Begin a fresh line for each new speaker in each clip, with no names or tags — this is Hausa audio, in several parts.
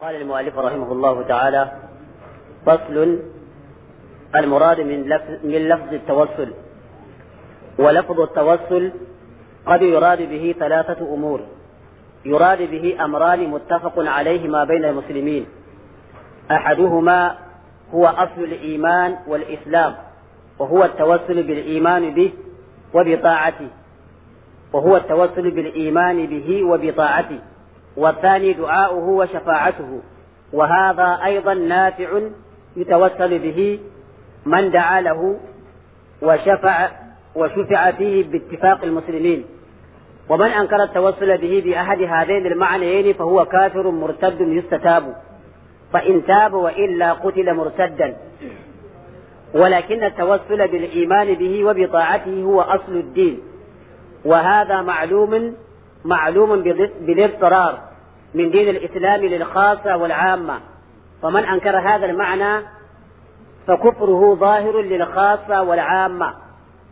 قال المؤلف رحمه الله تعالى فصل المراد من لفظ, من لفظ التوسل ولفظ التوسل قد يراد به ثلاثة أمور يراد به أمران متفق عليهما بين المسلمين أحدهما هو أصل الإيمان والإسلام وهو التوسل بالإيمان به وبطاعته وهو التوسل بالإيمان به وبطاعته والثاني دعاؤه وشفاعته وهذا أيضا نافع يتوسل به من دعا له وشفع وشفع فيه باتفاق المسلمين ومن أنكر التوسل به بأحد هذين المعنيين فهو كافر مرتد يستتاب فإن تاب وإلا قتل مرتدا ولكن التوسل بالإيمان به وبطاعته هو أصل الدين وهذا معلوم معلوم بالاضطرار من دين الإسلام للخاصة والعامة فمن أنكر هذا المعنى فكفره ظاهر للخاصة والعامة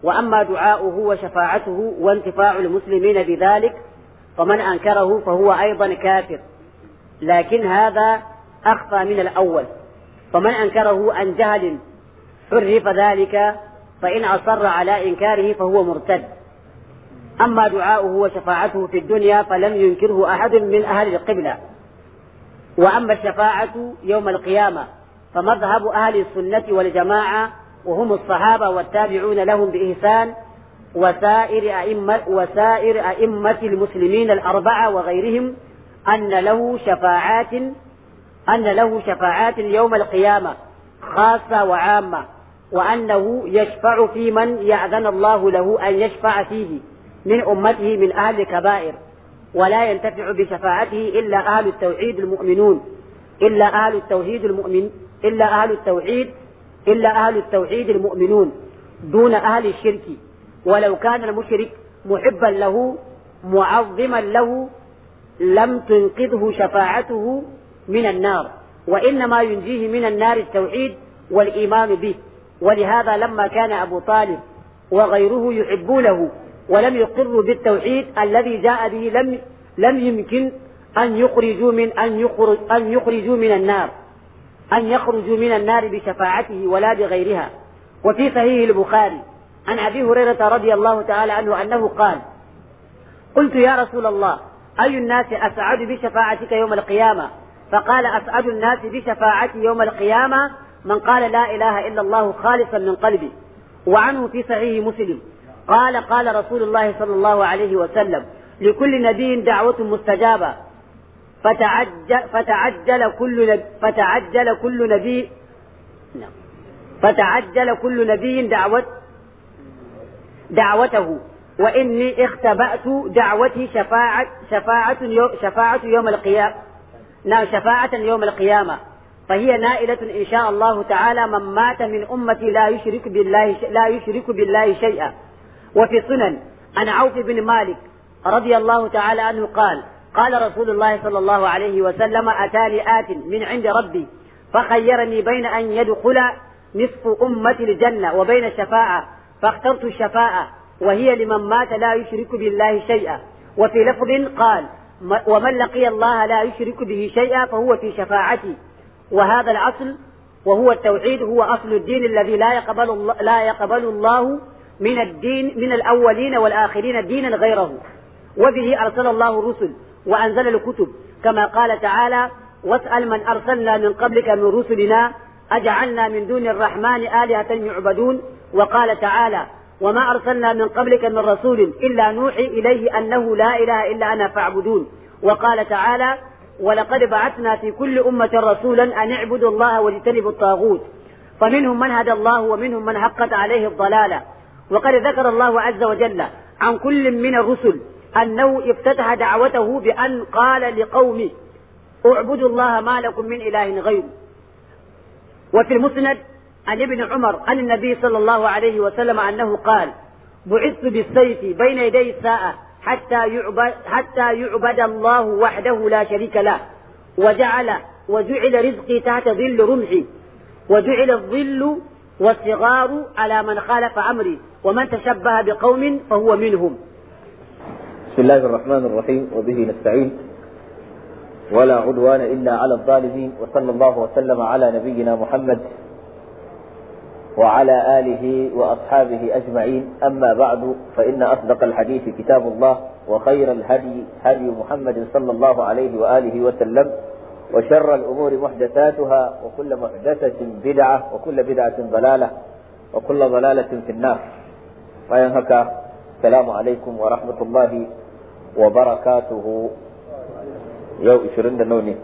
وأما دعاؤه وشفاعته وانتفاع المسلمين بذلك فمن أنكره فهو أيضا كافر لكن هذا أخفى من الأول فمن أنكره عن جهل عرف ذلك فإن أصر على إنكاره فهو مرتد أما دعاؤه وشفاعته في الدنيا فلم ينكره أحد من أهل القبلة وأما الشفاعة يوم القيامة فمذهب أهل السنة والجماعة وهم الصحابة والتابعون لهم بإحسان وسائر أئمة وسائر أئمة المسلمين الأربعة وغيرهم أن له شفاعات أن له شفاعات يوم القيامة خاصة وعامة وأنه يشفع في من يأذن الله له أن يشفع فيه من أمته من أهل الكبائر ولا ينتفع بشفاعته إلا أهل التوحيد المؤمنون إلا أهل التوحيد المؤمن إلا أهل التوحيد إلا أهل التوحيد المؤمنون دون أهل الشرك ولو كان المشرك محبا له معظما له لم تنقذه شفاعته من النار وإنما ينجيه من النار التوحيد والإيمان به ولهذا لما كان أبو طالب وغيره يحبونه ولم يقروا بالتوحيد الذي جاء به لم لم يمكن أن يخرجوا من أن يخرج أن يخرجوا من النار أن يخرجوا من النار بشفاعته ولا بغيرها وفي صحيح البخاري عن أبي هريرة رضي الله تعالى عنه أنه قال قلت يا رسول الله أي الناس أسعد بشفاعتك يوم القيامة فقال أسعد الناس بشفاعتي يوم القيامة من قال لا إله إلا الله خالصا من قلبي وعنه في صحيح مسلم قال قال رسول الله صلى الله عليه وسلم لكل نبي دعوة مستجابة فتعجل, فتعجل كل نبي نعم. فتعجل كل نبي فتعجل كل نبي دعوة دعوته وإني اختبأت دعوتي شفاعة شفاعة يوم, شفاعة يوم القيامة نعم شفاعة يوم القيامة فهي نائلة إن شاء الله تعالى من مات من أمتي لا يشرك بالله لا يشرك بالله شيئا وفي سنن عن عوف بن مالك رضي الله تعالى عنه قال قال رسول الله صلى الله عليه وسلم أتاني آت من عند ربي فخيرني بين أن يدخل نصف أمتي الجنة وبين الشفاعة فاخترت الشفاعة وهي لمن مات لا يشرك بالله شيئا وفي لفظ قال ومن لقي الله لا يشرك به شيئا فهو في شفاعتي وهذا الأصل وهو التوحيد هو أصل الدين الذي لا يقبل الله, لا يقبل الله من الدين من الأولين والآخرين دينا غيره وبه أرسل الله الرسل وأنزل الكتب كما قال تعالى واسأل من أرسلنا من قبلك من رسلنا أجعلنا من دون الرحمن آلهة يعبدون وقال تعالى وما أرسلنا من قبلك من رسول إلا نوحي إليه أنه لا إله إلا أنا فاعبدون وقال تعالى ولقد بعثنا في كل أمة رسولا أن اعبدوا الله واجتنبوا الطاغوت فمنهم من هدى الله ومنهم من حقت عليه الضلاله وقد ذكر الله عز وجل عن كل من الرسل أنه افتتح دعوته بأن قال لقومه اعبدوا الله ما لكم من إله غيره وفي المسند عن ابن عمر عن النبي صلى الله عليه وسلم أنه قال بعثت بالسيف بين يدي الساعة حتى يعبد, حتى يعبد الله وحده لا شريك له وجعل وجعل رزقي تحت ظل رمحي وجعل الظل والصغار على من خالف أمري ومن تشبه بقوم فهو منهم
بسم الله الرحمن الرحيم وبه نستعين ولا عدوان إلا على الظالمين وصلى الله وسلم على نبينا محمد وعلى آله وأصحابه أجمعين أما بعد فإن أصدق الحديث كتاب الله وخير الهدي هدي محمد صلى الله عليه وآله وسلم وشر الأمور محدثاتها وكل محدثة بدعة وكل بدعة ضلالة وكل ضلالة في النار وينهك السلام عليكم ورحمة الله وبركاته يو إشرين دنوني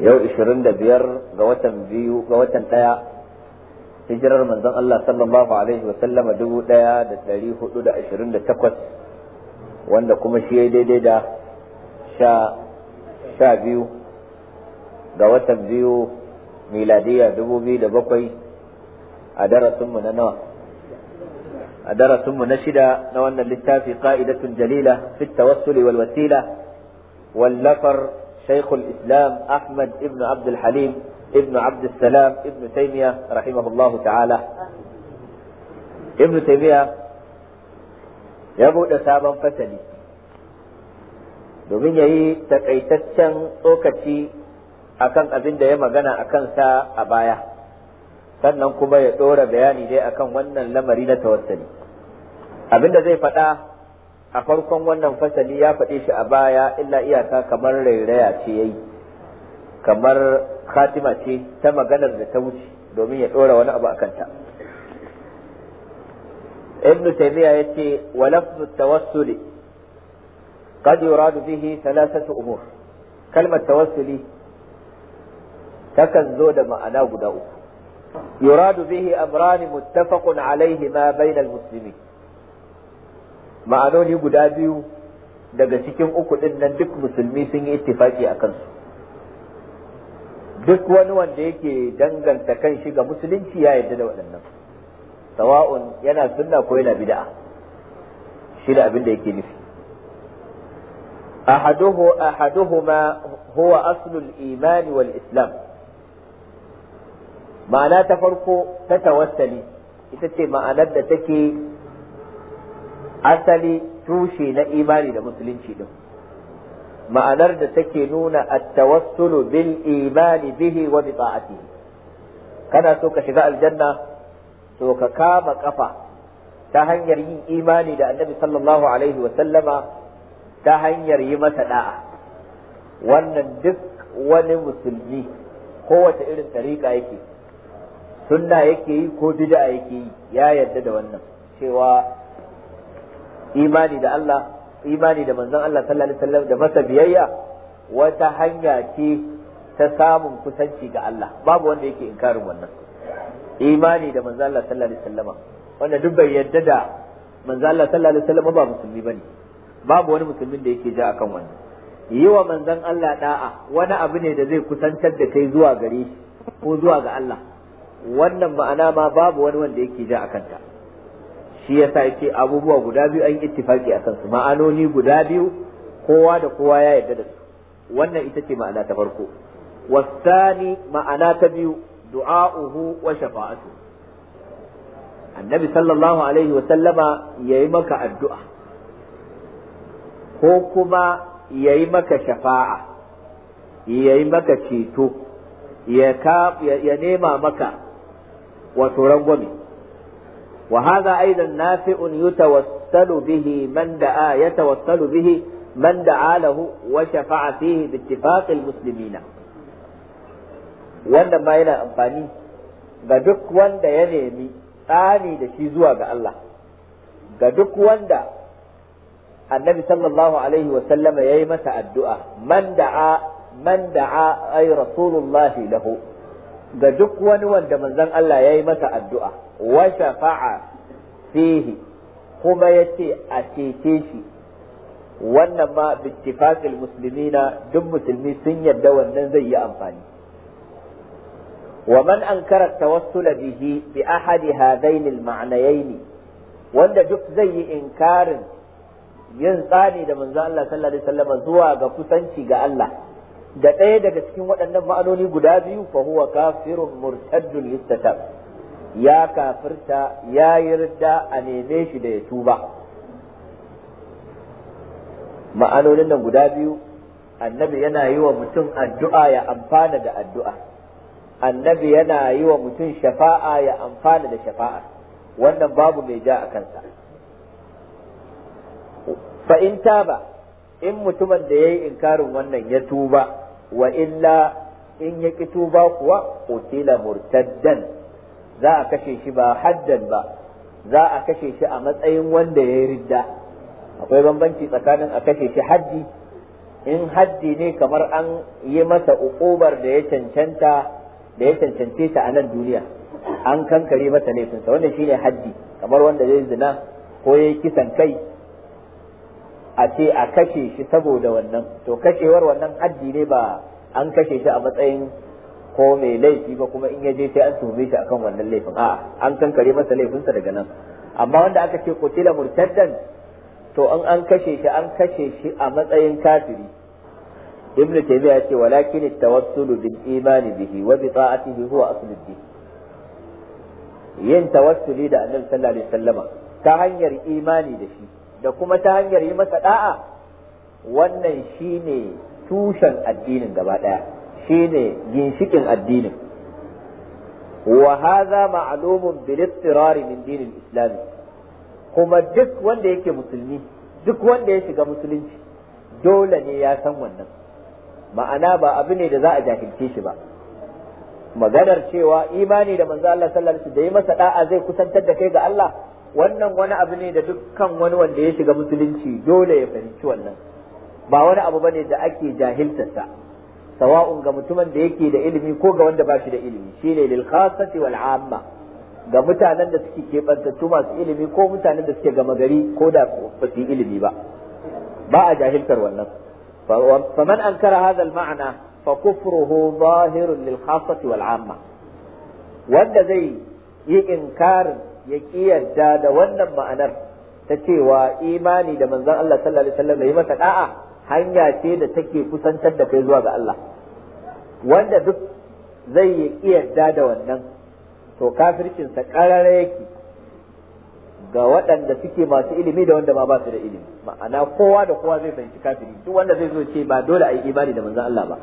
يو إشرين دبير غوتا بيو غوتا تايا hijirar manzon Allah sallallahu alaihi wa sallama dubu ɗaya da ɗari hudu da ashirin da takwas wanda kuma shi ya daidai da sha biyu ga watan biyu miladiya dubu biyu da bakwai a darasinmu na nawa a darasinmu na shida na wannan littafi ka'idatun jalila fit tawassuli wal wasila wallafar shaikhul islam ahmad ibn abdul halim ibn abdul salam ibn taymiya rahimahullahu ta'ala ibn taymiya ya buɗe sabon fasali domin ya yi takaitaccen tsokaci akan abin da ya magana a kansa a baya sannan kuma ya ɗora bayani dai akan wannan lamari na tawassali abin da zai faɗa a farkon wannan fasali ya faɗe shi a baya illa iyaka kamar rairaya ce ya yi kamar khatima ce ta maganar da ta wuce domin ya ɗora wani abu a kanta ابن تيمية wa lafzu tawassuli qad yuradu bihi thalathatu umur kalmar tawassuli takan zo da ma'ana guda uku yuradu bihi amrani muttafaqun alaihi ma bainal muslimin ma'anoni guda biyu daga cikin uku din nan duk musulmi sun yi ittifaki a kansu duk wani wanda yake danganta kan shi ga musulunci ya yarda da waɗannan sawa'un yana sunna ko yana bid'a shi da abin da yake nufi ahaduhu ahaduhuma huwa aslul imani wal islam ma'ana ta farko ta tawassali ita ce ma'anar da take asali tushe na imani da musulunci din ma'anar da take nuna at-tawassulu bil imani bihi wa bi ta'atihi kana so ka shiga aljanna to ka kama kafa ta hanyar yin imani da annabi sallallahu alaihi wa sallama ta hanyar yi masa da'a wannan duk wani musulmi kowace irin tariƙa yake sunna yake yi ko bid'a yake yi ya yarda da wannan cewa imani da Allah imani da manzon Allah sallallahu alaihi wasallam da masa biyayya wata hanya ce ta samun kusanci ga Allah babu wanda yake inkarin wannan imani da manzon Allah sallallahu alaihi wasallam wanda duk bai yarda da manzon Allah sallallahu alaihi wasallam ba musulmi bane babu wani musulmin da yake ji akan wannan yi wa manzon Allah da'a wani abu ne da zai kusantar da kai zuwa gare shi ko zuwa ga Allah wannan ma'ana ma babu wani wanda yake ja a kanta shi yasa yake abubuwa guda biyu an ittifaki a kansu ma'anoni guda biyu kowa da kowa ya yarda da su wannan ita ce ma'ana ta farko wasani ma'ana ta biyu du'a'uhu wa shafa'atu annabi sallallahu alaihi wa sallama yayi maka addu'a ko kuma yayi maka shafa'a yayi maka ceto ya nema maka wato rangwame wa hadha aidan nafi'un yutawassalu bihi man da'a yatawassalu bihi man da'a lahu wa shafa'a fihi bi ittifaqil muslimina wanda ba yana amfani ga duk wanda ya nemi tsani da shi zuwa ga Allah ga duk wanda annabi sallallahu alaihi wa sallama yayi masa addu'a man da'a man da'a ay rasulullahi lahu ga duk wani wanda manzon Allah ya yi masa addu'a wa shafa'a fihi kuma ya ce a cece shi wannan ma bittifaqil na duk musulmi sun yarda wannan zai yi amfani
wa
man ومن أنكر التوسل به بأحد هذين ne wanda duk zai yi inkarin yin tsani da manzo Allah sallallahu alaihi wasallam zuwa ga kusanci ga Allah da ɗaya daga cikin waɗannan ma'anoni guda biyu fa huwa kafirun murtaddun yustatab ya kafirta ya yarda a neme shi da ya tuba ma'anonin nan guda biyu annabi yana yi wa mutum addu'a ya amfana da addu'a annabi yana yi wa mutum shafa'a ya amfana da shafa'a wannan babu mai ja a kansa fa in taba in mutumin da ya yi inkarin wannan ya tuba wa illa in ya ki bakuwa kuwa qutila murtaddan za a kashe shi ba haddan ba za a kashe shi a matsayin wanda ya yi ridda akwai bambanci tsakanin a kashe shi haddi in haddi ne kamar an yi masa ukubar da ya cancanta da ya cancance ta a nan duniya an kankare mata laifinsa wannan shine haddi kamar wanda zai zina ko ya kisan kai a ce a kashe shi saboda wannan to kashewar wannan haddi ne ba an kashe shi a matsayin ko mai laifi ba kuma in ya je sai an tuhume shi akan wannan laifin a'a an kankare masa laifinsa daga nan amma wanda aka ce kutila murtaddan to an an kashe shi an kashe shi a matsayin kafiri ibn ya ce walakin at-tawassul bil iman bihi wa bi ta'atihi huwa aslu din yin tawassuli da annabi sallallahu alaihi wasallama ta hanyar imani da shi da kuma ta hanyar yi masa da'a wannan shi ne tushen addinin gaba daya ne ginshikin addinin wa haza ma'lumun bil istirari min dinin islami kuma duk wanda yake musulmi duk wanda ya shiga musulunci dole ne ya san wannan ma'ana ba abu ne da za a jahilce shi ba maganar cewa imani da manzo Allah sallallahu alaihi wasallam da yi masa da'a zai kusantar da kai ga Allah wannan wani abu ne da dukkan wani wanda ya shiga musulunci dole ya fahimci wannan ba wani abu bane da ake jahiltarsa sawa'un ga mutumin da yake da ilimi ko ga wanda ba shi da ilimi shine lil khassati wal amma ga mutanen da suke kebantattu masu ilimi ko mutanen da suke gama gari ko da ba su ilimi ba ba a jahiltar wannan faman ankara hadha al ma'ana fa kufruhu zahirun lil khassati wal amma wanda zai yi inkarin ya kiyarda da wannan ma'anar ta cewa imani da manzon Allah sallallahu alaihi wasallam yi masa da'a hanya ce da take kusantar da kai zuwa ga Allah wanda duk zai yi kiyarda da wannan to kafircin sa karare yake ga waɗanda suke masu ilimi da wanda ba ba su da ilimi ma'ana kowa da kowa zai fahimci kafiri duk wanda zai zo ce ba dole a yi imani da manzon Allah ba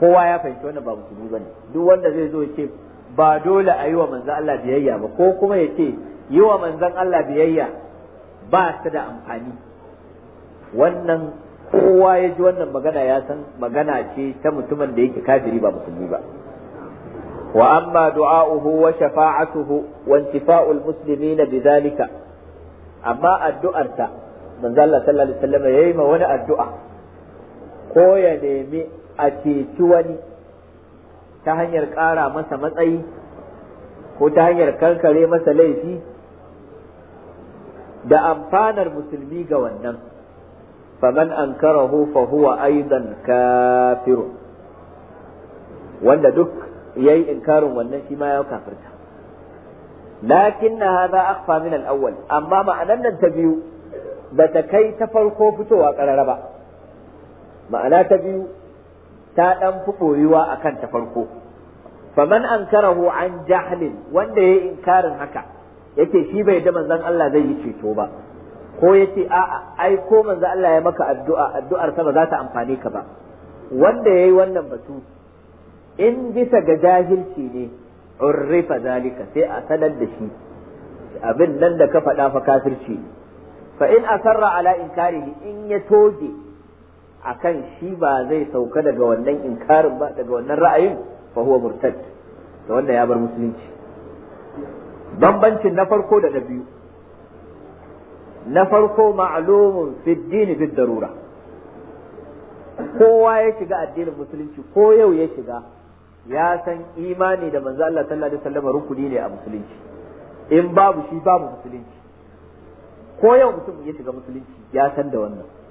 kowa ya fahimci wannan ba musulmi bane duk wanda zai zo ce ba dole a yi wa manzan Allah biyayya ba ko kuma ya ce yi wa manzan Allah biyayya ba su da amfani wannan kowa ya ji wannan magana ya san magana ce ta mutumin da yake kafiri ba musulmi ba wa amma du'a'uhu wa shafa'atuhu wa intifa'ul muslimina bidhalika amma addu'arsa manzan Allah sallallahu alaihi wasallam yayi ma wani addu'a ko ya nemi a ceci wani ta hanyar ƙara masa matsayi ko ta hanyar kankare masa laifi da amfanar musulmi ga wannan faman an karahu fa huwa aidan kafiru, wanda duk yayi inkarin wannan shi ma ya kafirta lakin na haza akfa min al-awwal amma ma'anar nan ta biyu ba ta kai ta farko fitowa ƙarara ba ma'ana ta biyu ta ɗan fi ɓoyuwa a kan ta farko faman an karahu an jahlin wanda ya yi inkarin haka yake shi bai da manzan Allah zai yi ceto ba ko yace a'a ai ko manzon Allah ya maka addu'a addu'ar sa ba za ta amfane ka ba wanda yayi wannan batu in bisa ga jahilci ne urrifa zalika sai a sanar da shi abin nan da ka faɗa fa kafirci fa in asarra ala inkarihi in ya toge akan shi ba zai sauka daga wannan inkarin ba daga wannan ra'ayin fa huwa murtad to wanda ya bar musulunci bambancin na farko da na biyu na farko ma'lumun fi dini bi darura kowa ya shiga addinin musulunci ko yau ya shiga ya san imani da manzo Allah sallallahu alaihi wasallam rukuni ne a musulunci in babu shi babu musulunci ko yau mutum ya shiga musulunci ya san da wannan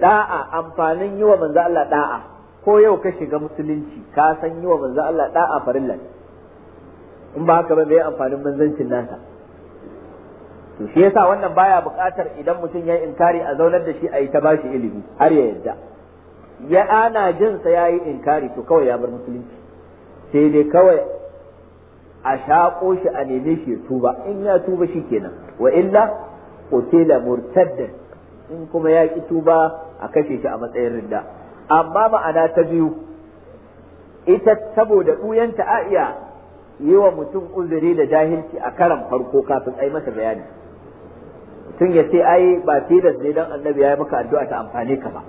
da'a amfanin yi wa manzo Allah da'a ko yau ka shiga musulunci ka san yi wa manzo Allah da'a farilla in ba haka ba bai amfanin manzancin nasa to shi yasa wannan baya buƙatar idan mutum ya inkari a zaunar da shi a yi ta bashi ilimi har ya yadda ya ana jin sa yayi inkari to kawai ya bar musulunci sai dai kawai a shaƙo shi a neme shi ya tuba in ya tuba shi kenan wa illa qutila murtaddan in kuma ya ki tuba a kashe shi a matsayin ridda amma ma'ana ta biyu ita saboda ɗuyanta a iya yi wa mutum uzuri da jahilci a karan farko kafin ai masa bayani mutum ya ce ai ba tilas ne dan annabi ya yi maka addu'a ta amfane ka ba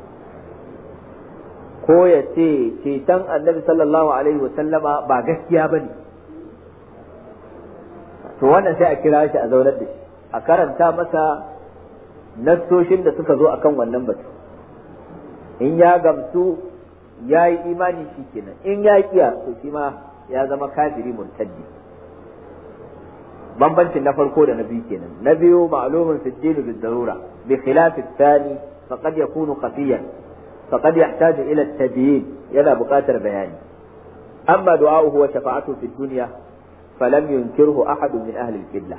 ko ya ce ceton annabi sallallahu alaihi wa ba gaskiya ba ne to wannan sai a kira shi a zaunar da shi a karanta masa nassoshin da suka zo akan wannan batu in ya gamsu ya yi imani shi kenan in ya kiya to shi ma ya zama kafiri murtaddi bambancin na farko da na biyu kenan na biyu ma'lumun fi bi darura bi khilafi al-thani faqad yakunu qafiyan faqad yahtaju ila tabyin yana buƙatar bayani amma du'a'uhu wa shafa'atuhu fi dunya falam yunkirhu ahadun min ahli al-qibla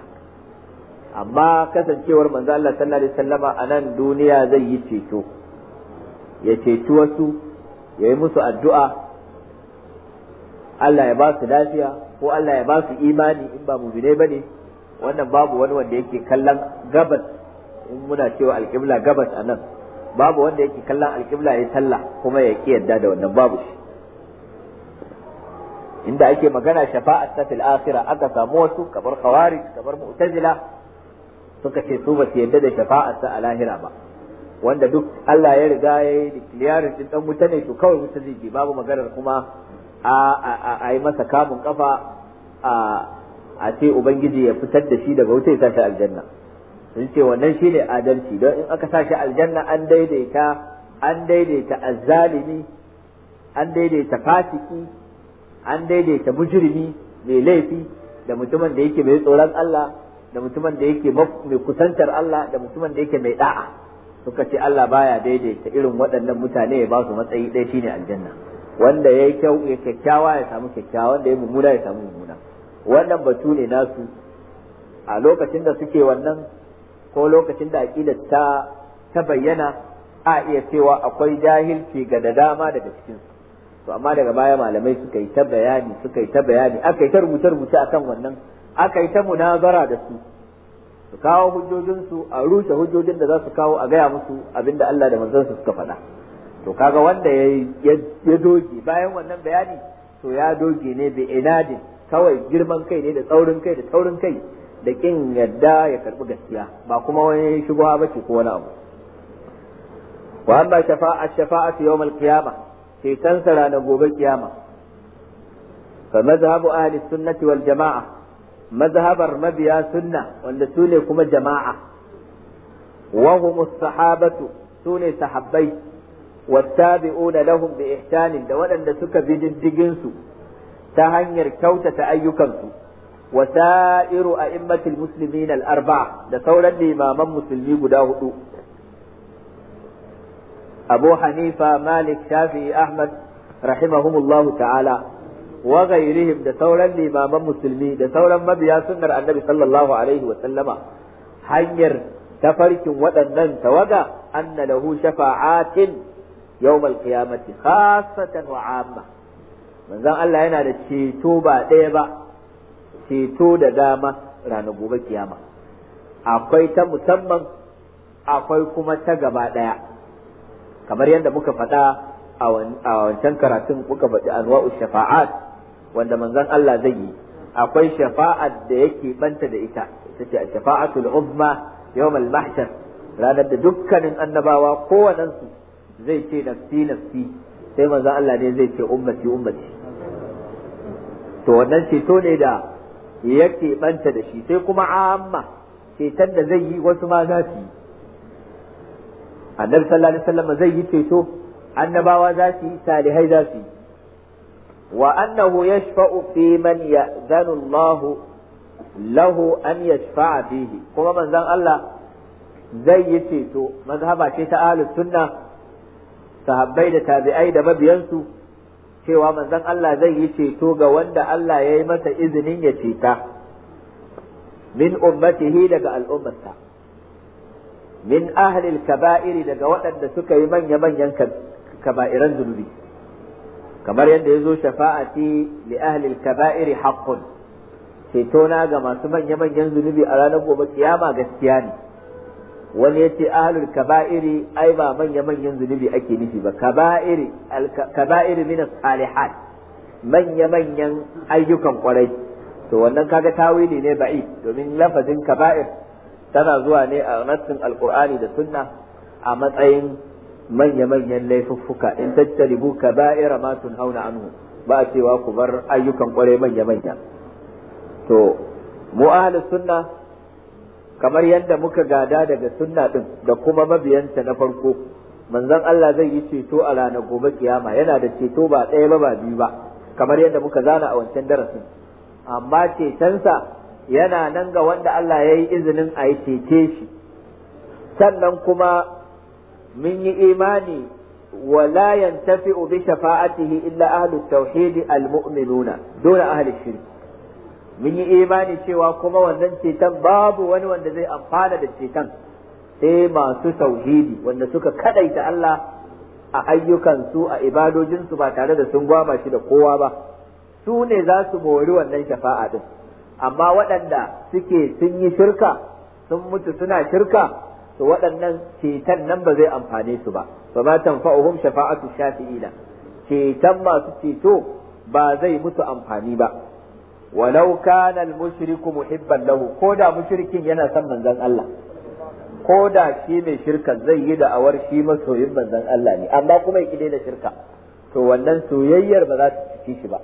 amma kasancewar manzo Allah sallallahu alaihi wasallama anan duniya zai yi ceto ya ceci wasu ya yi musu addu'a Allah ya ba su lafiya ko Allah ya ba su imani in ba bine ba ne wannan babu wani wanda yake kallon gabas in muna cewa alƙibla gabas a nan babu wanda yake kallon alƙibla ya sallah kuma ya ƙi yadda da wannan babu shi inda ake magana shafa'at ta fil akhirah aka samu wasu kamar khawarij kamar mu'tazila suka ce su ba su yadda da shafa'at ta a lahira ba wanda duk Allah ya riga ya yi declaring din dan wuta ne to kawai wuta zai je babu maganar kuma a yi masa kamun kafa a ce ubangiji ya fitar da shi daga wuta ya sashi aljanna sun ce wannan shine adalci don in aka sashi aljanna an daidaita an daidaita azzalimi an daidaita fasiki an daidaita mujrimi mai laifi da mutumin da yake mai tsoron Allah da mutumin da yake mai kusantar Allah da mutumin da yake mai da'a suka ce Allah baya daidaita irin waɗannan mutane ya ba su matsayi ɗaya shine aljanna wanda ya yi kyau ya kyakkyawa ya samu kyakkyawa wanda ya mummuna ya samu mummuna wannan batu ne nasu a lokacin da suke wannan ko lokacin da aƙida ta ta bayyana a iya cewa akwai jahilci ga da dama daga cikin to amma daga baya malamai suka yi ta bayani suka yi ta bayani aka yi ta rubuce rubuce akan wannan aka yi ta munazara da su su kawo hujjojinsu a rushe hujjojin da za su kawo a gaya musu abinda Allah da manzansa suka faɗa to kaga wanda ya doge bayan wannan bayani to ya doge ne bi inadin kawai girman kai ne da tsaurin kai da taurin kai da kin yadda ya karbi gaskiya ba kuma wani ba ce ko wani abu wa amma shafa'a shafa'atu yawm al-qiyamah sai tantara na gobe kiyama fa mazhabu ahli sunnati wal jama'a mazhabar mabiya sunna wanda su ne kuma jama'a wa hum sahabatu su ne sahabbai wattabi'una lahum bi ihsanin da waɗanda suka bi diddigin ta hanyar kyautata ayyukansu wa sa'iru a'immatil muslimin al-arba'a da sauran limaman musulmi guda hudu Abu Hanifa Malik Shafi'i Ahmad rahimahumullahu ta'ala wa ghayrihim da sauran limaman musulmi da sauran mabiya sunnar annabi sallallahu alaihi wa sallama hanyar tafarkin waɗannan tawaga anna lahu shafa'atin yawmal qiyamati khassatan wa 'amma manzon Allah yana da ceto ba ɗaya ba ceto da dama ranar gobe kiyama akwai ta musamman akwai kuma ta gaba ɗaya kamar yadda muka faɗa a wancan karatun muka faɗi anwa'u shafa'at wanda manzon Allah zai yi akwai shafa'ar da yake banta da ita ita ce shafa'atul umma yawmal mahshar ranar da dukkanin annabawa kowannen su zai ce nafsi nafsi sai manzon Allah ne zai ce ummati ummati to wannan ceto ne da yake banta da shi sai kuma amma ceton da zai yi wasu ma za su yi annabi sallallahu alaihi wasallam zai yi ceto annabawa za su yi salihai za su yi وأنه يشفع في من يأذن الله له أن يشفع فيه كما من ذن الله زي يتيتو مذهبا شيء أهل السنة sahabbai da tabi'ai da mabiyansu cewa manzon Allah zai yi ceto ga wanda Allah ya yi masa izinin ya ceta min ummatihi daga al'ummarsa min ahlil kaba'iri daga waɗanda suka yi manya-manyan kaba'iran zunubi kamar yadda ya zo shafa'ati li ahli kaba'iri haqqun ceto na ga masu manya-manyan zunubi a ranar gobe kiyama gaskiya ne wani ya ce ahlul kaba'iri ai ba manya-manyan zunubi ake nufi ba kaba'iri kaba'iri min salihat manya-manyan ayyukan kwarai to wannan kaga tawili ne ba'i domin lafazin kaba'ir tana zuwa ne a nassin alqur'ani da sunna a matsayin manya-manyan laifuffuka in tattalibu kaba'ira ma hauna anhu ba a cewa ku bar ayyukan kwarai manya-manya to mu ahlus sunna kamar yadda muka gada daga sunna din da kuma mabiyanta na farko manzon Allah zai yi ceto a ranar gobe kiyama yana da ceto ba ɗaya ba ba biyu ba kamar yadda muka zana a wancan darasin amma cetonsa yana nan ga wanda Allah ya yi izinin a yi cece shi sannan kuma mun yi imani ولا ينتفع بشفاعته إلا أهل التوحيد المؤمنون دون أهل الشرك من imani cewa kuma wannan ceton babu wani wanda zai amfana da ceton sai masu tauhidi wanda suka kaɗaita Allah a ayyukansu a ibadojinsu ba tare da sun gwama shi da kowa ba su ne za su mori wannan shafa'a ɗin. amma waɗanda suke sun yi shirka sun mutu suna shirka to waɗannan ceton nan ba zai amfane su ba fa ma tanfa'uhum shafa'atu shafi'ina ceton masu ceto ba zai mutu amfani ba walau kana al-mushriku muhibban lahu ko da mushrikin yana son manzon Allah ko da shi mai shirka zai yi da'awar shi masoyin manzon Allah ne amma kuma ya da shirka to wannan soyayyar ba za ta ciki shi ba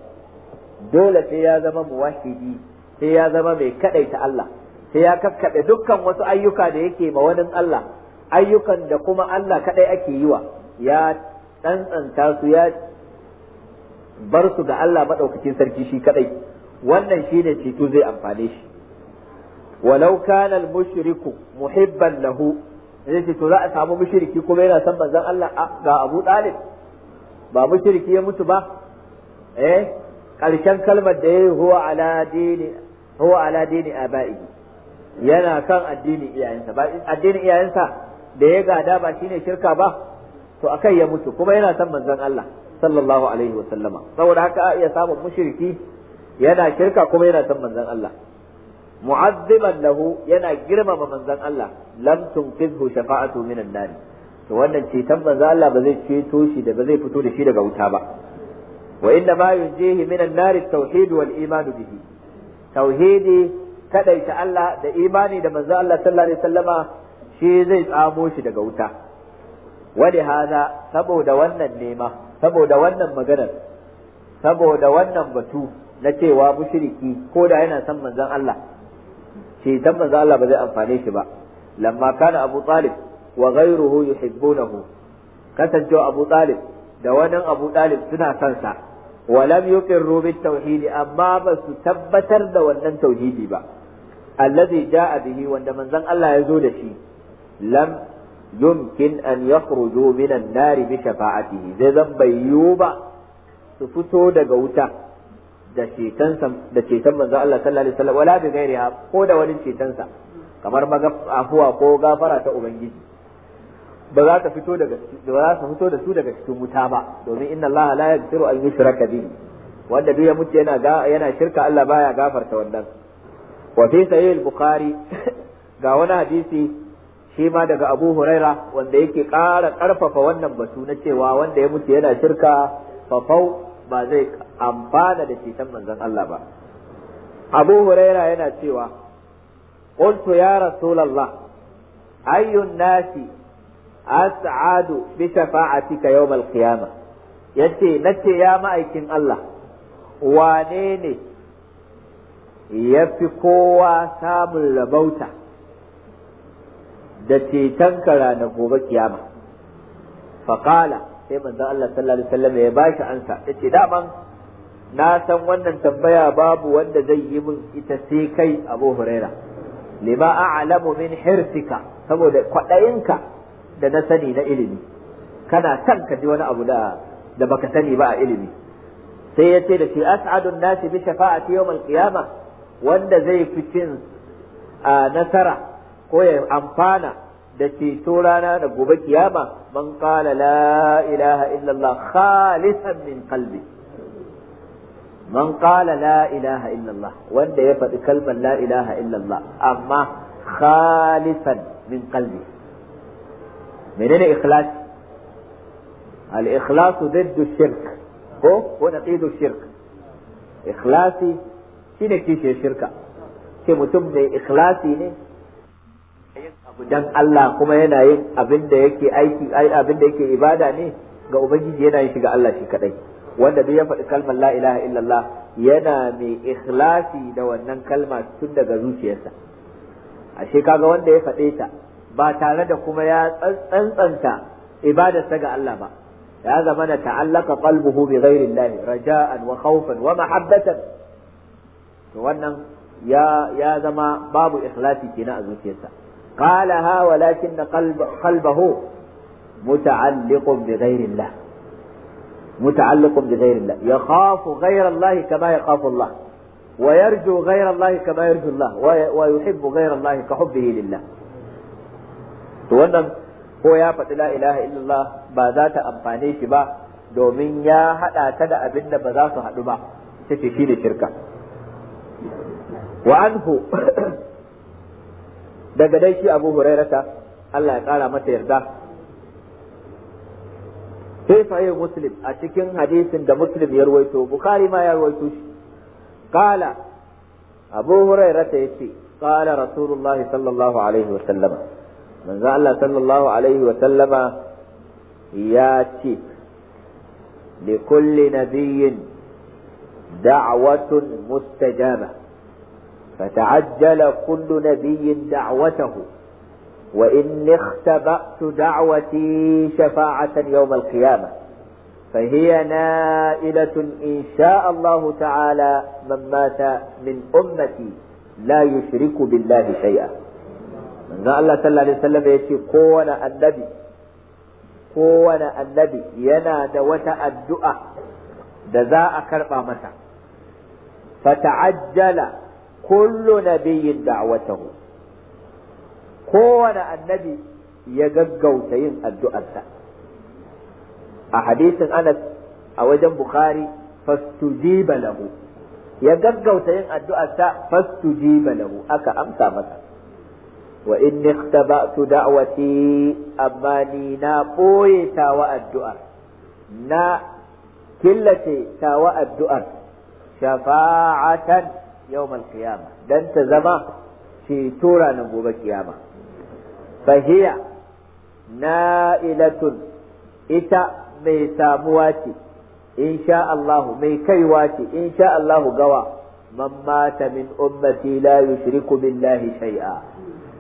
dole sai ya zama muwahidi sai ya zama mai kadaita Allah sai ya kakkaɓe dukkan wasu ayyuka da yake ma wani Allah ayyukan da kuma Allah kaɗai ake yi wa ya tsantsanta su ya bar su ga Allah maɗaukakin sarki shi kaɗai wannan shi ne ceto zai amfane shi walau kana mushriku muhibban lahu zai ce to za a samu mushriki kuma yana san manzon Allah ga Abu Talib ba mushriki ya mutu ba eh ƙarshen kalmar da ya huwa ala dini huwa ala dini aba'i yana kan addinin iyayensa ba addinin iyayensa da ya gada ba shine shirka ba to akai ya mutu kuma yana son manzon Allah sallallahu alaihi wa sallama saboda haka a iya samun mushriki yana shirka kuma yana son manzon Allah mu'azziban lahu yana girmama manzon Allah lam tunqidhu shafa'atu minan nar to wannan ceton manzon Allah ba zai ceto shi da ba zai fito da shi daga wuta ba wa inda ma yunjihi minan nar at-tauhid wal iman bihi tauhidi kadaita Allah da imani da manzo Allah sallallahu alaihi wasallama shi zai tsamo shi daga wuta wani haza saboda wannan nema saboda wannan maganar saboda wannan batu na cewa mushriki ko da yana son manzon Allah shi dan manzon Allah ba zai amfane shi ba lamma kana Abu Talib wa ghayruhu yuhibbunahu kasancewa Abu Talib da wani Abu Talib suna son sa ولم يقروا بالتوحيد amma ba su tabbatar da wannan tauhidi ba. ja a bihi wanda manzon Allah ya zo da shi lam yumkin an yakhruju min an-nar bi shafa'atihi zai zan bayyo ba su fito daga wuta da ceton da ceton manzon Allah sallallahu alaihi wasallam wala bi ghairiha ko wani ceton kamar afuwa ko gafara ta ubangiji ba za ta fito daga ba za ta fito da su daga cikin wuta ba domin inna Allah la yaghfiru an wanda duk ya mutu yana yana shirka Allah baya gafarta wannan wa fi sahih al-bukhari ga wani hadisi shi ma daga Abu Huraira wanda yake ƙara ƙarfafa wannan batu na cewa wanda ya mutu yana shirka fafau ba zai amfana da ceton manzon Allah ba Abu Huraira yana cewa qultu ya rasulullah ayyun nasi as'adu bi shafa'atika yawm al-qiyamah yace nace ya ma'aikin Allah wane ne ya fi kowa samun rabauta da ceton kara na gobe kiyama faƙala sai manzon Allah sallallahu alaihi wasallam ya bashi ansa yace daman na san wannan tambaya babu wanda zai yi min ita sai kai Abu Huraira lima a'lamu min hirsika saboda kwaɗayinka da na sani na ilimi kana son ka ji wani abu da da baka sani ba a ilimi sai ya ce da shi as'adun nasi bi shafa'ati yawm al-qiyamah wanda zai fi cin nasara ko ya amfana da ceto rana da gobe kiyama man qala la ilaha illallah khalisan min qalbi man qala la ilaha illallah wanda ya faɗi kalmar la ilaha illallah amma khalisan min qalbi menene ikhlas al ikhlas ضد الشرك ko ko naqidu shirk ikhlasi shi ne kishe shirka ce mutum mai ikhlasi ne abu dan Allah kuma yana yin abin da yake aiki abin da yake ibada ne ga ubangiji yana yin shi ga Allah shi kadai wanda duk ya faɗi kalmar la ilaha illallah yana mai ikhlasi da wannan kalma tun daga zuciyarsa ashe kaga wanda ya faɗe ta ba tare da kuma ya tsantsanta ibadarsa ga Allah ba ya zama na ta'allaka qalbuhu bi ghairi Allah raja'an wa khawfan wa mahabbatan to wannan ya zama babu ikhlasi kenan a zuciyarsa ha walakin qalbahu muta'alliqun bi ghairillah muta'alliqun bi ghairillah yakhafu ghairallahi kama ya yakhafu Allah wa yarju ghairallahi kama yarju Allah wa yuhibbu ghairallahi ka hubbihi lillah to wannan ko ya faɗi la ilaha illallah ba za ta amfane shi ba domin ya haɗa ta da abin da ba za su haɗu ba ita shi da shirka wa daga dai shi abu hurairata Allah ya ƙara masa yarda sai sahih muslim a cikin hadisin da muslim ya ruwaito bukhari ma ya ruwaito shi qala abu hurairata yace qala rasulullah sallallahu alaihi wa sallama manzo Allah sallallahu alaihi wa sallama ya ce li kulli nabiyyin da'watun mustajaba فتعجل كل نبي دعوته وإني اختبأت دعوتي شفاعة يوم القيامة فهي نائلة إن شاء الله تعالى من مات من أمتي لا يشرك بالله شيئا من الله صلى الله عليه وسلم يأتي قونا النبي قونا النبي ينادى وتأدؤه الدعاء da فتعجل kullu nabiyyin da'watahu kowane annabi ya gaggauta yin addu'arsa a hadisin Anas a wajen Bukhari fastujiba lahu ya gaggauta yin addu'arsa fastujiba lahu aka amsa masa wa inni ikhtaba'tu da'wati amma ni na boye tawa addu'ar na killace tawa addu'ar shafa'atan yawmal qiyama dan ta zama ceto ranar gobe kiyama fahiya na'ilatun ita mai samuwa ce in sha Allahu mai kaiwa ce in sha Allahu gawa man mata min ummati la yushriku billahi shay'a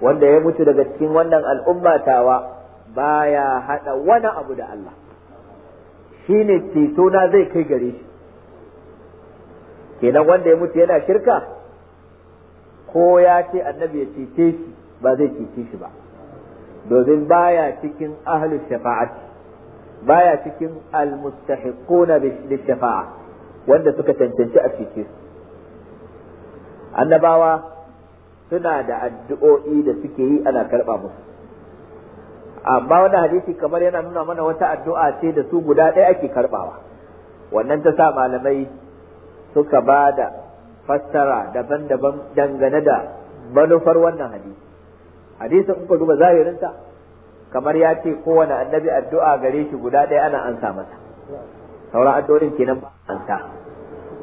wanda ya mutu daga cikin wannan al'ummatawa baya hada wani abu da Allah shine ceto na zai kai gare shi kenan wanda ya mutu yana shirka ko ya ce annabi ya cece shi ba zai cece shi ba domin baya cikin ahli shafa'ati baya cikin almustahiquna shafa'a wanda suka cancanci a cece su annabawa suna da addu'o'i da suke yi ana karba musu amma wannan hadisi kamar yana nuna mana wata addu'a ce da su guda ɗaya ake karbawa wannan ta sa malamai suka ba da fassara daban-daban dangane da manufar wannan hadisi hadisin in duba zahirinsa kamar ya ce kowane annabi addu'a gare shi guda ɗaya ana ansa masa sauran addu'o'in kenan ba ansa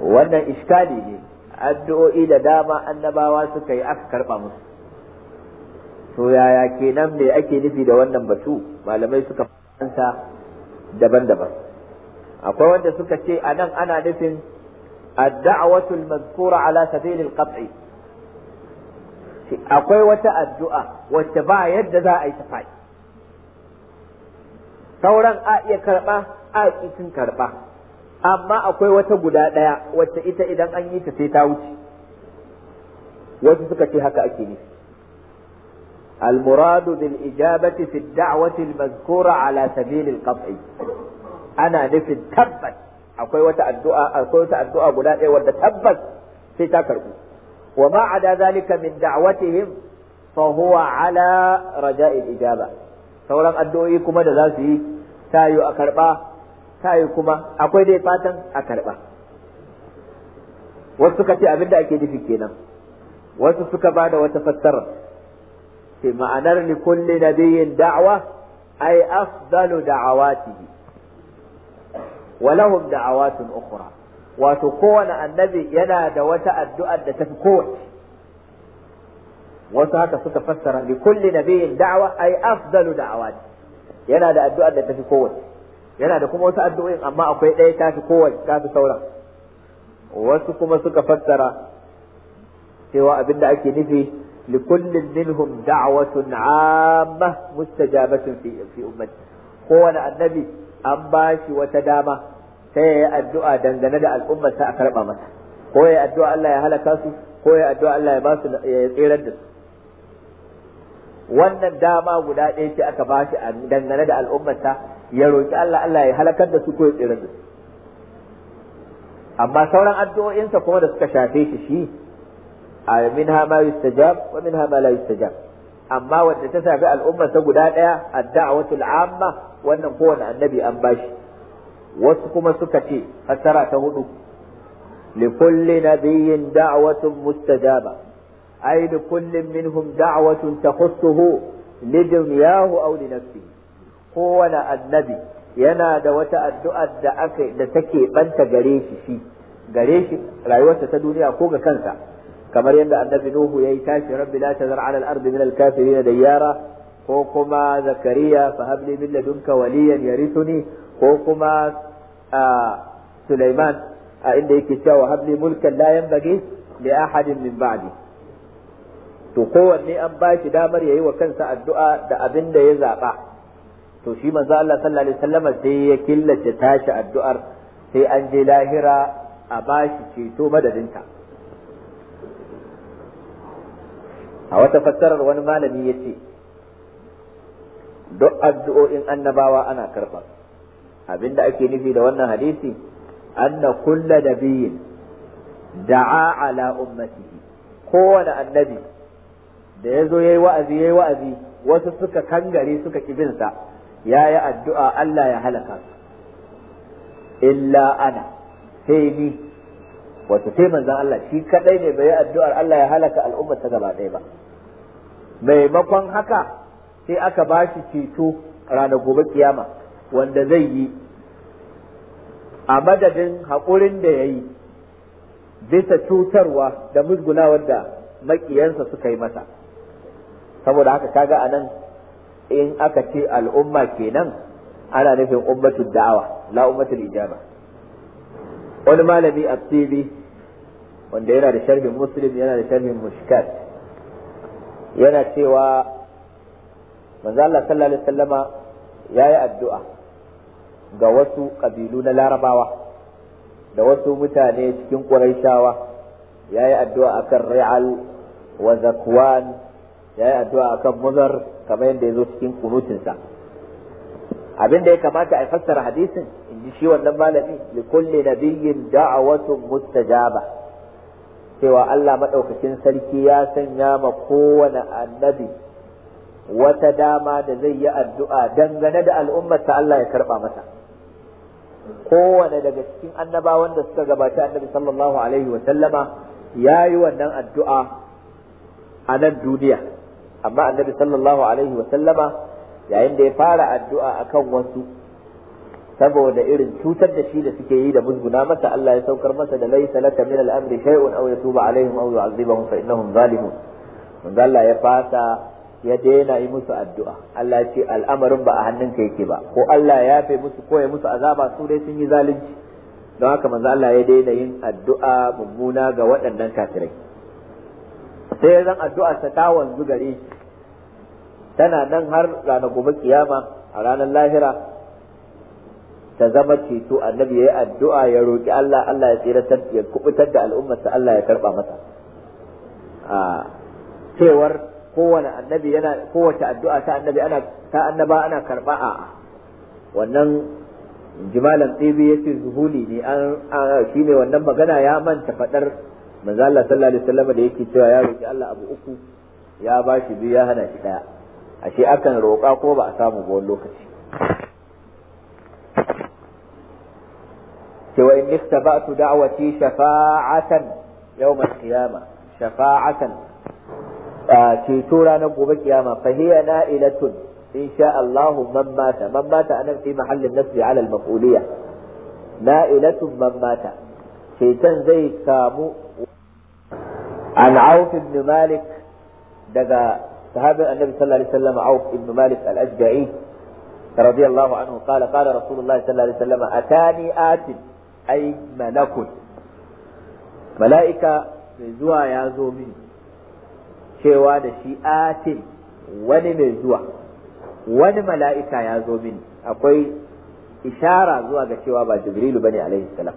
wannan iskali ne addu'o'i da dama annabawa suka yi aka karba musu to yaya kenan me ake nufi da wannan batu malamai suka ansa daban-daban akwai wanda suka ce anan ana nufin الدعوة المذكورة على سبيل القطع akwai wata addu'a wacce ba yadda za a yi ta sauran a iya karɓa a cikin karɓa amma akwai wata guda ɗaya wacce ita idan an yi ta sai ta wuce wasu suka ce haka ake nufi المراد بالإجابة في الدعوة المذكورة على سبيل القطع ana nufin تبت akwai wata addu'a akwai wata addu'a guda ɗaya wadda tabbas sai ta karbu wa ma ada zalika min da'watihim fa huwa ala raja'il ijaba sauran addu'o'i kuma da za su yi tayo a karba tayo kuma akwai dai fatan a karba wasu suka ce abinda ake nufi kenan wasu suka ba da wata fassara ce ma'anar li kulli nabiyyin da'wa ay afdalu da'awatihi walahum da'awatun ukhra wato kowane annabi yana da wata addu'a da tafi kowace wasu haka suka fassara li kulli nabiyyin da'wa ay afdalu da'awat yana da addu'a da tafi kowace yana da kuma wasu addu'o'in amma akwai ɗaya tafi kowace tafi sauran wasu kuma suka fassara abinda ake nufi لكل منهم دعوة عامة مستجابة في في أمته هو النبي أن باشي وتدامة sai ya yi addu'a dangane da al'ummarsa a karba masa ko ya yi addu'a Allah ya halaka su ko ya yi addu'a Allah ya ba su ya tserar da su wannan dama guda ɗaya ce aka ba shi dangane da al'ummarsa ya roƙi Allah Allah ya halakar da su ko ya tserar da su amma sauran addu'o'insa kuma da suka shafe shi shi a minha ma yustajab wa minha ma la yustajab amma wanda ta shafi al'ummarsa guda ɗaya addu'a watul amma wannan kowane annabi an bashi wasu kuma suka ce fassara ta hudu li kulli nabiyyin da'watun mustajaba ay li kullin minhum da'watun tahussuhu li dunyahu aw li nafsihi kowane annabi yana da wata addu'a da aka da take banta gare shi shi gare shi rayuwarsa ta duniya ko ga kansa kamar yadda annabi nuhu yayi tashi rabbi la tazar ala al-ardi min al-kafirin ko kuma zakariya fa habli min ladunka waliyan yarithuni ko kuma sulaiman a inda yake cewa habli mulkan la yanbaghi li ahadin min ba'di to kowanne an ba shi damar yayi wa kansa addu'a da abin da ya zaba to shi manzo Allah sallallahu alaihi wasallam sai ya killace tashi addu'ar sai an je lahira a bashi ceto madadinta a wata fassarar wani malami ya ce duk addu'o'in annabawa ana karfa. abinda ake nufi da wannan hadisi anna kulla nabiyyin da'a ala ummatihi kowane annabi da ya zo ya yi wa'azi ya yi wa'azi wasu suka kangare suka kibinsa ya yi addu'a Allah ya halaka su illa ana sai ni wato sai manzan Allah shi kaɗai ne bai yi addu'ar Allah ya halaka al'ummar ta gaba ɗaya ba maimakon haka sai aka ba shi ceto ranar gobe kiyama wanda zai yi a madadin haƙurin da ya yi bisa cutarwa da musguna da makiyansa suka yi masa saboda haka kaga a nan in aka ce al'umma kenan ana nufin ummatul da'awa la ummatul ijaba wani malami a wanda yana da sharhin muslim yana da sharhin mushkat yana cewa manzo Allah sallallahu alaihi wasallama yayi addu'a ga wasu kabilu na larabawa da wasu mutane cikin quraishawa yayi addu'a akan ri'al wa zakwan yayi addu'a akan muzar kamar yadda yazo cikin sa abin da ya kamata a fassara hadisin in ji shi wannan malami li kulli nabiyyin da'awatun mustajaba cewa Allah maɗaukacin sarki ya sanya ma kowane annabi wata dama da zai yi addu'a dangane da al'ummarsa Allah ya karɓa masa kowane daga cikin annabawan da suka gabata annabi sallallahu alaihi wa sallama ya yi wannan addu'a a nan duniya amma annabi sallallahu alaihi wa sallama yayin da ya fara addu'a akan wasu saboda irin cutar da shi da suke yi da musguna masa Allah ya saukar masa da laisa laka min al-amri shay'un aw yatuba alaihim aw yu'adhibahum fa innahum zalimun Allah ya fasa ya daina yi musu addu'a Allah ce al'amarin ba a hannunka yake ba ko Allah ya yafe musu ko ya musu azaba su dai sun yi zalunci don haka manzo Allah ya daina yin addu'a mummuna ga waɗannan kafirai sai zan addu'a ta wanzu gare tana nan har ranar gobe kiyama a ranar lahira ta zama ceto annabi ya addu'a ya roƙi Allah Allah ya tsiratar ya kubutar da al'ummarsa Allah ya karba mata a cewar kowane annabi yana kowace addu'a ta annabi ana ta annaba ana karba a wannan jimalan tsibi yace zuhuli ne an shine wannan magana ya manta fadar manzo Allah sallallahu alaihi wasallam da yake cewa ya roki Allah abu uku ya bashi biyu ya hana shi daya ashe akan roƙa ko ba a samu ba wani lokaci cewa in nifta ba su da'awati shafa'atan yawmal shafa'atan ceto ranar gobe kiyama fa hiya na'ilatun in sha Allah man mata man mata anan fi mahallin nasbi ala al-maf'uliyya na'ilatun man mata ceton zai samu. an Auf ibn Malik daga sahabin annabi sallallahu alaihi wasallam Auf ibn Malik al-Ashja'i رضي الله qala قال قال رسول الله صلى الله عليه وسلم أتاني آت أي ملك ملائكة zuwa ya zo mini cewa da shi atin wani mai zuwa wani mala'ika ya zo mini akwai ishara zuwa ga cewa ba jibrilu bane alaihi salam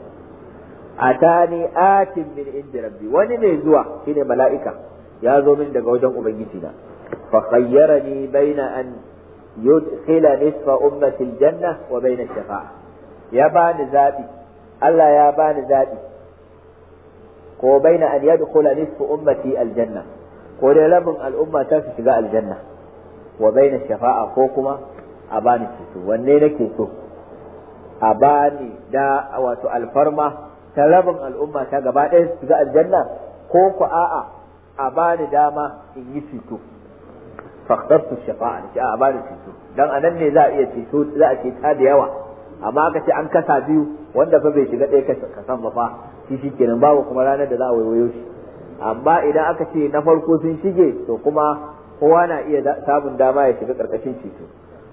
atani atin min inda rabbi wani mai zuwa shine mala'ika ya zo min daga wajen ubangiji na fa khayyarani baina an yudkhila nisfa ummati janna wa baina shafa'a ya bani zabi Allah ya bani zabi ko baina an yadkhula nisfu ummati aljanna ko dai labin al'umma ta su shiga aljanna wa bayna shafa'a ko kuma a bani ceto wanne nake so a bani da wato alfarma ta rabin al'umma ta gaba ɗaya su shiga aljanna ko ku a'a a bani dama in yi ceto faktartu shafa'a ce a bani ceto dan anan ne za a iya ceto za a ceta da yawa amma aka ce an kasa biyu wanda fa bai shiga ɗaya san ba fa shi shikenan babu kuma ranar da za a waiwayo shi amma idan aka ce na farko sun shige to kuma kowa na iya samun dama ya shiga karkashin ceto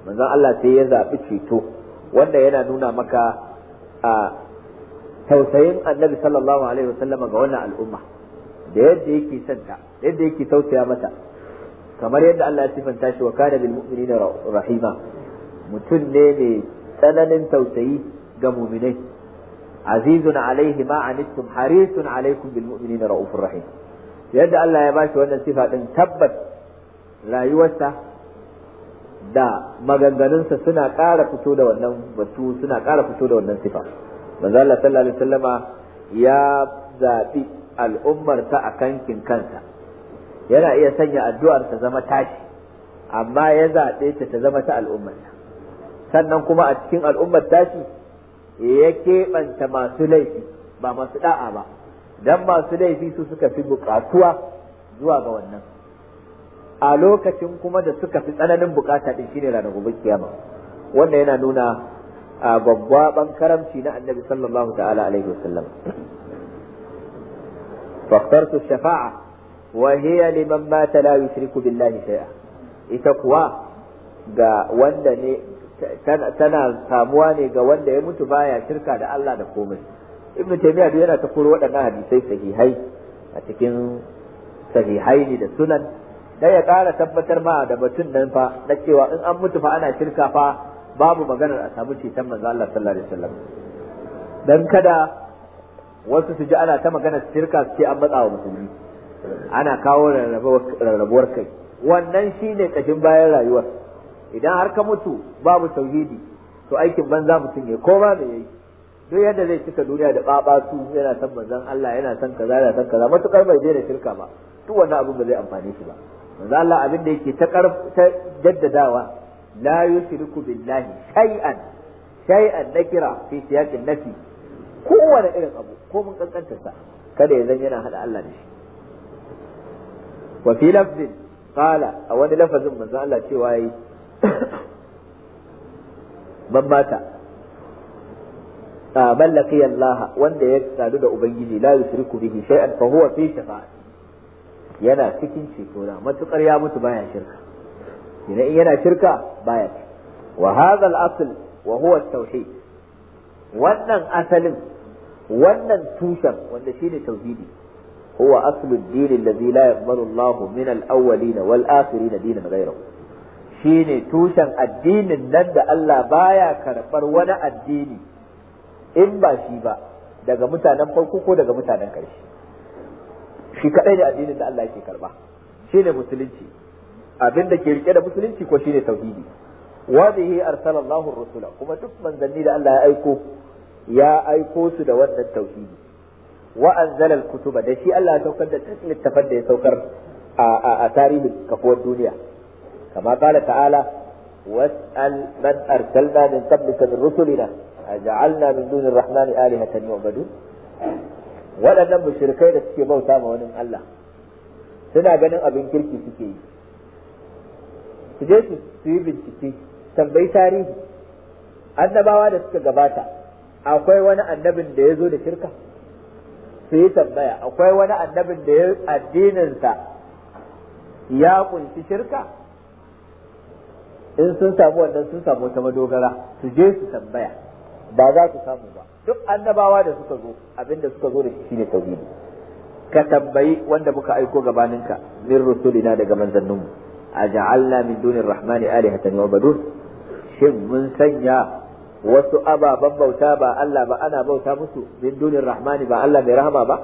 manzon Allah sai ya zaɓi ceto wanda yana nuna maka a tausayin annabi sallallahu alaihi wasallama ga wannan al'umma da yadda yake santa yadda yake tausaya mata kamar yadda Allah ya sifanta shi wa kana bil mu'minina rahima mutum ne mai tsananin tausayi ga mu'minai azizun alaihi ma anittum harisun alaikum bil mu'minina raufur rahim yadda Allah ya bashi wannan sifa din tabbas rayuwarsa da maganganunsa suna ƙara fito da wannan batu suna ƙara fito da wannan sifa manzo Allah sallallahu alaihi wasallama ya zabi ta a kankin kansa yana iya sanya addu'ar ta zama tashi amma ya zaɓe ta ta zama ta al'ummarsa sannan kuma a cikin al'ummar tashi ya keɓanta masu laifi ba masu da'a ba dan masu laifi su suka fi bukatuwa zuwa ga wannan a lokacin kuma da suka fi tsananin bukata din shine ranar gobe kiyama wannan yana nuna a gwaggwaban karamci na annabi sallallahu ta'ala alaihi wasallam فاخترت الشفاعة وهي لمن مات la yushriku billahi shay'a ita kuwa ga wanda ne tana samuwa ne ga wanda ya mutu baya shirka da Allah da komai ibn taymiya duk yana ta koro waɗannan hadisai sahihai a cikin sahihai ne da sunan da ya ƙara tabbatar ma da batun nan fa na cewa in an mutu fa ana shirka fa babu maganar a samu ceton manzo Allah sallallahu alaihi wasallam dan kada wasu su ji ana ta maganar shirka su ce an matsa wa musulmi ana kawo rarrabuwar kai wannan shine ƙashin bayan rayuwar idan har ka mutu babu tauhidi to aikin banza mutum ya koma me yayi duk yadda zai cika duniya da su yana san manzon Allah yana san kaza yana san kaza matukar bai daina shirka ba duk wannan abin ba zai amfane shi ba manzon Allah abin da yake ta jaddadawa la yushriku billahi shay'an shay'an nakira fi siyaqin nafi kowane irin abu ko mun kankanta sa kada ya zan yana hada Allah da shi wa fi lafzin qala a wani lafazin manzon Allah cewa yi babbata man laqiya wanda ya sadu da ubangiji la yushriku bihi shay'an fa huwa fi yana cikin ceto na ya mutu baya shirka idan in yana shirka baya ci wa hadha al-asl wa huwa at asalin wannan tushen wanda tauhidi هو أصل الدين الذي لا يقبل الله من الأولين والآخرين دينا غيره shine tushen addinin nan da Allah baya karɓar wani addini in ba shi ba daga mutanen farko ko daga mutanen ƙarshe shi kadai ne addinin da Allah yake karba Shi ne musulunci abin da ke rike da musulunci ko shine tauhidi wa bihi arsalallahu rusula kuma duk manzanni da Allah ya aiko ya aiko su da wannan tauhidi wa anzala alkutuba da shi Allah ya saukar da littafan da ya saukar a tarihin kafuwar duniya kama qala ta'ala was'al man arsalna min qablika min rusulina ja'alna min dunir rahmani alihatan yu'badu waɗannan mushrikai da suke bauta ma wani Allah suna ganin abin kirki suke yi su je su yi bincike tambayi tarihi annabawa da suka gabata akwai wani annabin da ya zo da shirka su yi tambaya akwai wani annabin da ya addininsa ya kunshi shirka in sun samu wannan sun samu ta madogara su je su tambaya ba za su samu ba duk annabawa da suka zo abinda suka zo da shi ne tauhidi ka tambayi wanda muka aiko gabaninka min rusulina daga mu aj'alna min dunir rahmani alihatan yu'badun shin mun sanya wasu ababen bauta ba Allah ba ana bauta musu min dunir rahmani ba Allah mai rahama ba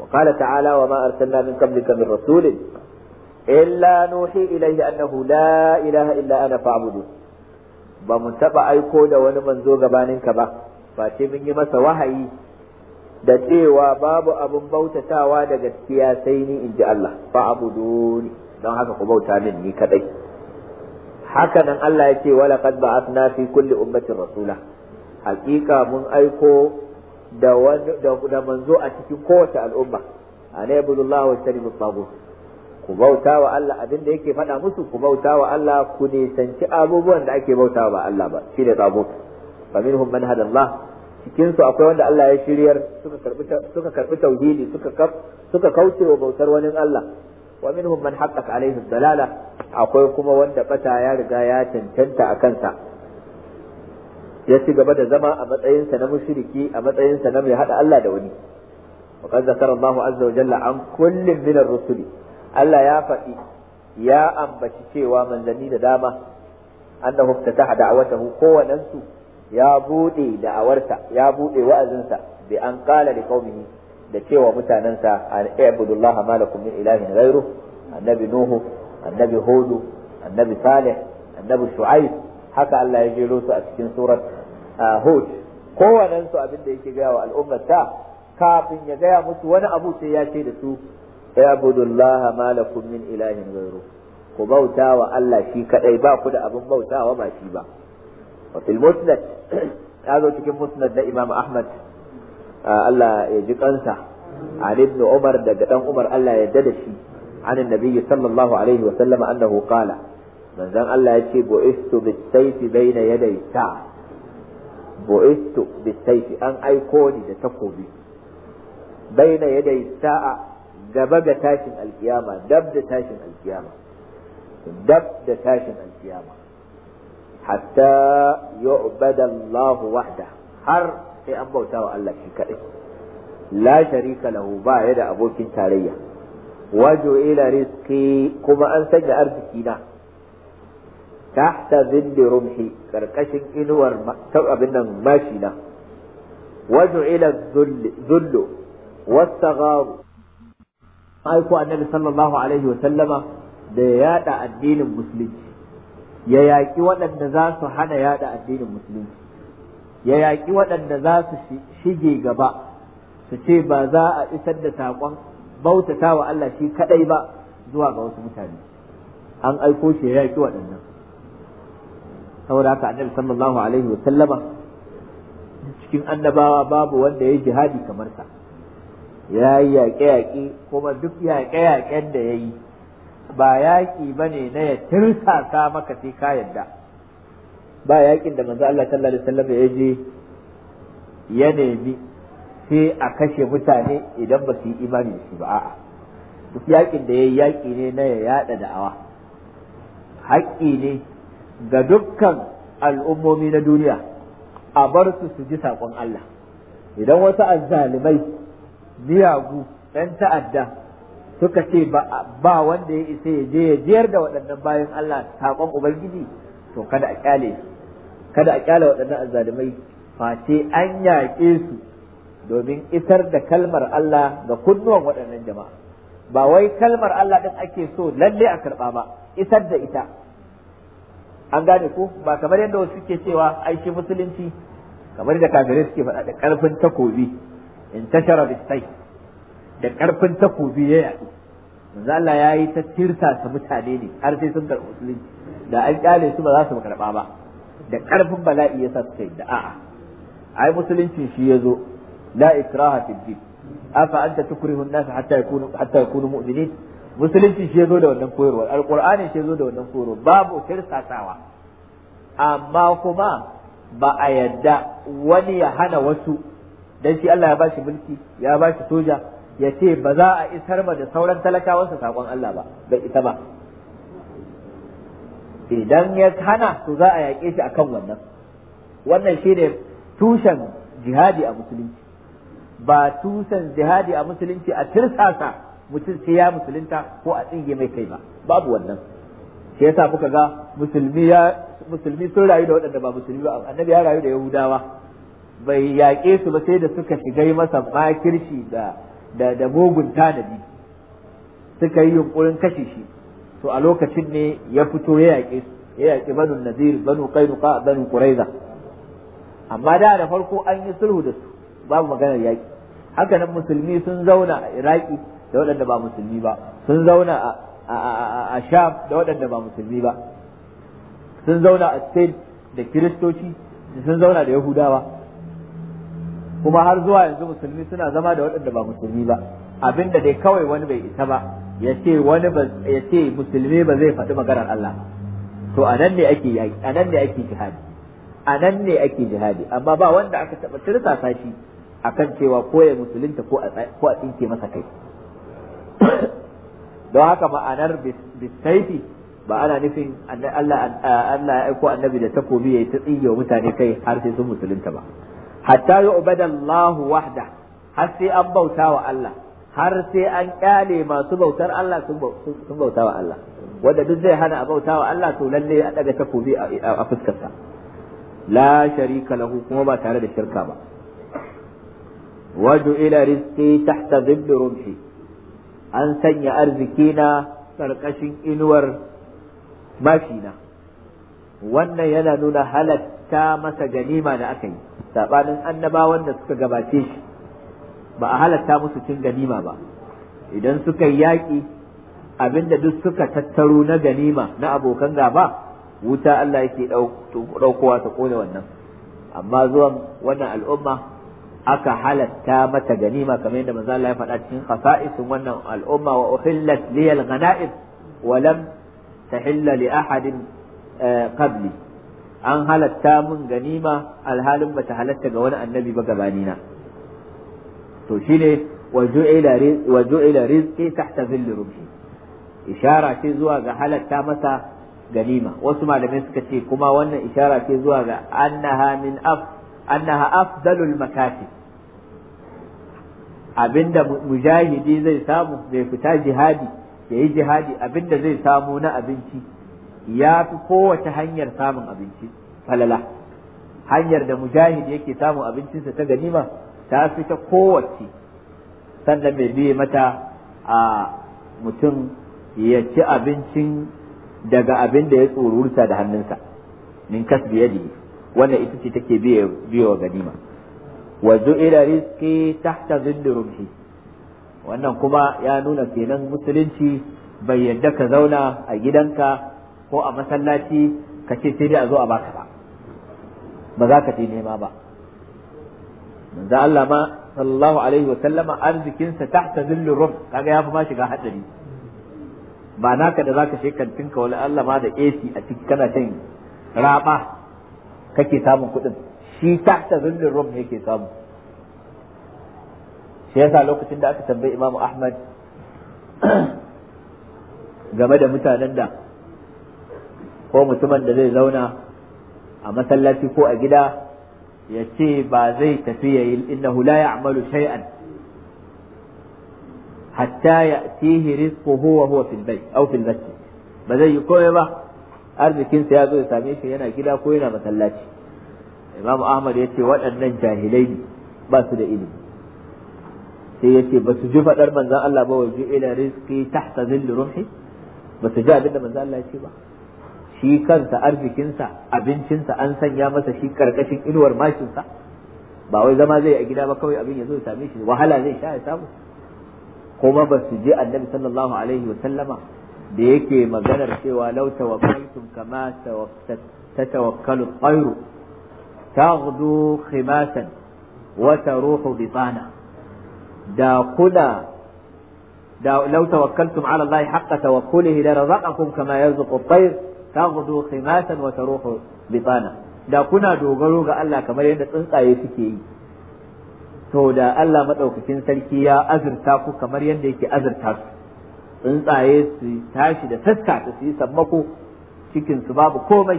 wa qala ta'ala wa ma arsalna min qablika min rasulin illa nuhi ilayhi annahu la ilaha illa ana fa'budun ba mu taɓa aiko da wani manzo gabaninka ba face mun yi masa wahayi da cewa babu abin bautatawa da gaskiya sai ni in ji Allah fa abuduni don haka ku bauta min ni kadai haka nan Allah ya ce wala qad ba'athna fi kulli ummatin rasula hakika mun aiko da wani da manzo a cikin kowace al'umma anabi ibudullah wa taribu tagut ku bauta wa Allah abin da yake faɗa musu ku bauta wa Allah ku nisanci abubuwan da ake bauta ba Allah ba shi ne tabut fa man hada Allah cikin su akwai wanda Allah ya shiryar suka karbi suka karbi tauhidi suka kaf suka kauce wa bautar wani Allah wa minhum man haqqat alaihi dalala akwai kuma wanda bata ya riga ya cancanta a kansa ya ci gaba da zama a matsayinsa na mushriki a matsayinsa na mai hada Allah da wani وقد ذكر الله عز وجل عن كل من الرسل Allah ya faɗi ya ambaci cewa manzanni da dama annahu fataha da'watahu kowanansu ya bude da'awarsa ya bude wa'azinsa bi an qala li da cewa mutanansa an ibudullah ma lakum min ilahin ghayru annabi nuhu annabi hudu annabi salih annabi shu'aib haka Allah ya jero su a cikin surat hud kowanansu abin da yake gaya wa al'ummar ta kafin ya gaya musu wani abu sai ya ce da su fayabudu Allah ilahin ghayru ku bauta wa shi kadai ba da abin bautawa ba shi ba wa cikin musnad da Imam Ahmad Allah ya Umar daga dan Umar Allah ya dada shi an annabi manzon Allah ya ce an aiko ni da takobi bayna yaday gaba ga tashin alkiyama dab tashin alkiyama dab tashin alkiyama hatta yu'bada Allah wahda har sai an bauta wa Allah shi kaɗai la sharika lahu ba ya da abokin tarayya wajo ila rizqi kuma an sanya arzikina na tahta zilli rumhi karkashin inuwar abin nan mashi na wajo aiko annabi sallallahu alaihi wa sallama da ya yada addinin musulunci ya yaƙi waɗanda za su hana yada addinin musulunci ya yaƙi waɗanda za su shige gaba su ce ba za a isar da saƙon bautata wa Allah shi kaɗai ba zuwa ga wasu mutane an aiko shi ya yaƙi waɗannan saboda haka annabi sallallahu alaihi wa sallama cikin annabawa babu wanda ya jihadi kamar sa ya yi yaƙe-yaƙe kuma duk yaƙe-yaƙen da ya yi ba yaƙi ba ne na ya tirsasa maka sai ka yadda ba yaƙin da manzo Allah sallallahu alaihi wasallam ya je ya nemi sai a kashe mutane idan ba su yi imani da shi ba a'a duk yaƙin da ya yi yaƙi ne na ya yaɗa da'awa haƙƙi ne ga dukkan al'ummomi na duniya a bar su su ji saƙon Allah idan wasu azzalimai miyagu ɗan ta'adda suka ce ba wanda ya isa ya je ya jiyar da waɗannan bayan Allah saƙon Ubangiji to kada a kyale kada a kyale waɗannan azzalumai face an yaƙe su domin isar da kalmar Allah ga kunnuwan waɗannan jama'a ba wai kalmar Allah ɗin ake so lalle a karɓa ba isar da ita an gane ko ba kamar yadda wasu suke cewa aiki musulunci kamar da kafirai suke faɗa da ƙarfin takobi intashara bisai da karfin takobi ya yaɗu manzo Allah ya yi ta tirsa ta mutane ne har sai sun karɓi musulunci da an kyale su ba za su karɓa ba da karfin bala'i ya sa suka yi da a'a ai musulunci shi ya zo la ikraha fid din afa anta tukrihu an-nas hatta yakunu hatta yakunu mu'minin musulunci shi ya zo da wannan koyarwar alqur'ani shi ya zo da wannan koyarwar babu tirsasawa amma kuma ba a yadda wani ya hana wasu dan shi Allah ya ba shi mulki ya ba shi soja ya ce ba za a isar ma da sauran talakawansa sakon Allah ba bai isa ba idan ya hana to za a yaƙe shi akan wannan wannan shi ne tushen jihadi a musulunci ba tushen jihadi a musulunci a tirsasa mutum sai ya musulunta ko a tsinge mai kai ba babu wannan shi yasa kuka ga musulmi ya musulmi sun rayu da waɗanda ba musulmi ba annabi ya rayu da yahudawa bai yaƙe su ba sai da suka shiga masa makirci da da da mugun tanadi suka yi yunkurin kashe shi to a lokacin ne ya fito ya yaƙe su ya yaƙi banu nazir banu banu kuraiza amma da da farko an yi sulhu da su babu maganar yaƙi haka nan musulmi sun zauna a iraki da waɗanda ba musulmi ba sun zauna a sham da waɗanda ba musulmi ba sun zauna a spain da kiristoci sun zauna da yahudawa kuma har zuwa yanzu musulmi suna zama da waɗanda ba musulmi ba abinda dai kawai wani bai isa ba ya ce wani ya ce musulmi ba zai faɗi maganar Allah to anan ne ake anan ne ake jihadi anan ne ake jihadi amma ba wanda aka taɓa tirsasa shi akan cewa ko ya musulunta ko a tsinke masa kai don haka ma'anar bisaifi ba ana nufin Allah ya aiko annabi da takobi ya yi ta tsige wa mutane kai har sai sun musulunta ba hatta yu'bada Allah wahda har sai an bauta wa Allah har sai an kyale masu bautar Allah sun bauta wa Allah wanda duk zai hana a bauta wa Allah to lalle a daga takobi a fuskarsa la sharika lahu kuma ba tare da shirka ba waju ila rizqi tahta dhilli rumhi an sanya arzikina na inuwar mashina wannan yana nuna halatta ta masa ganima da aka yi sabanin annabawan da suka gabace shi ba a halatta musu cin ganima ba idan suka yi yaƙi abinda duk suka tattaro na ganima na abokan gaba wuta Allah yake ɗaukowa ta ƙone wannan amma zuwan wannan al'umma aka halatta mata ganima kamar yadda manzo Allah ya faɗa cikin khasa'isin wannan al'umma wa uhillat liyal ghana'im wa lam tahilla li ahadin eh, qabli an halatta mun ganima alhalin bata halatta ga wani annabi ba gabanina to shine wa ju'ila rizqi tahta zilli rubhi ishara ce zuwa ga halatta masa ganima wasu malamai suka ce kuma wannan ishara ce zuwa ga annaha min af annaha afdalul makati abinda mujahidi zai samu mai fita jihadi yayi jihadi abinda zai samu na abinci ya fi kowace hanyar samun abinci falala hanyar da mujahid yake samun abincinsa ta ganima ta fi ta kowace sannan mai biye mata a mutum ya ci abincin daga abin da ya tsorurta da hannunsa min kasbi yadihi wannan ita ce take biye wa ganima wa zu'ila rizqi tahta dhilli wannan kuma ya nuna kenan musulunci bai yadda ka zauna a gidanka ko a masallaci ka ce sai dai a zo a baka ba ba za ka je nema ba manzo Allah ma sallallahu alaihi wa sallama arzikinsa tahta zillur rum kaga ya fi ma shiga hadari ba naka da zaka shi kantinka wani Allah ma da AC a cikin kana shan raba kake samun kuɗin shi tahta zillur rum yake samu shi yasa lokacin da aka tambayi Imam Ahmad game da mutanen da ko mutumin da zai zauna a masallaci ko a gida ya ce ba zai tafi ya yi innahu la ya'malu shay'an hatta ya'tihi rizquhu wa huwa fil bayt aw fil masjid ba zai yi komai ba arzikinsa ya zo ya same shi yana gida ko yana masallaci imamu ahmad ya ce waɗannan jahilai ne ba su da ilimi sai ya ce ba su ji faɗar manzan Allah ba waje ila rizqi tahta zilli ruhi ba su ji abin da manzan Allah ya ce ba shi kansa arzikinsa abincinsa an sanya masa shi karkashin inuwar mashinsa ba wai zama zai a gida ba kawai abin ya zo same shi wahala zai sha ya samu kuma ba su je annabi sallallahu alaihi wa sallama da yake maganar cewa law tawakkaitum kama tatawakkalu at-tayru taghdu khimasan wa taruhu bitana da kuna da law tawakkaltum ala allahi haqqa tawakkulihi la razaqakum kama yarzuqu tayr taghdu khimatan wa taruhu bitana da kuna dogaro ga Allah kamar yadda tsuntsaye suke yi to da Allah madaukakin sarki ya azurta ku kamar yadda yake azurta su tsuntsaye su tashi da taska su yi sammako cikin su babu komai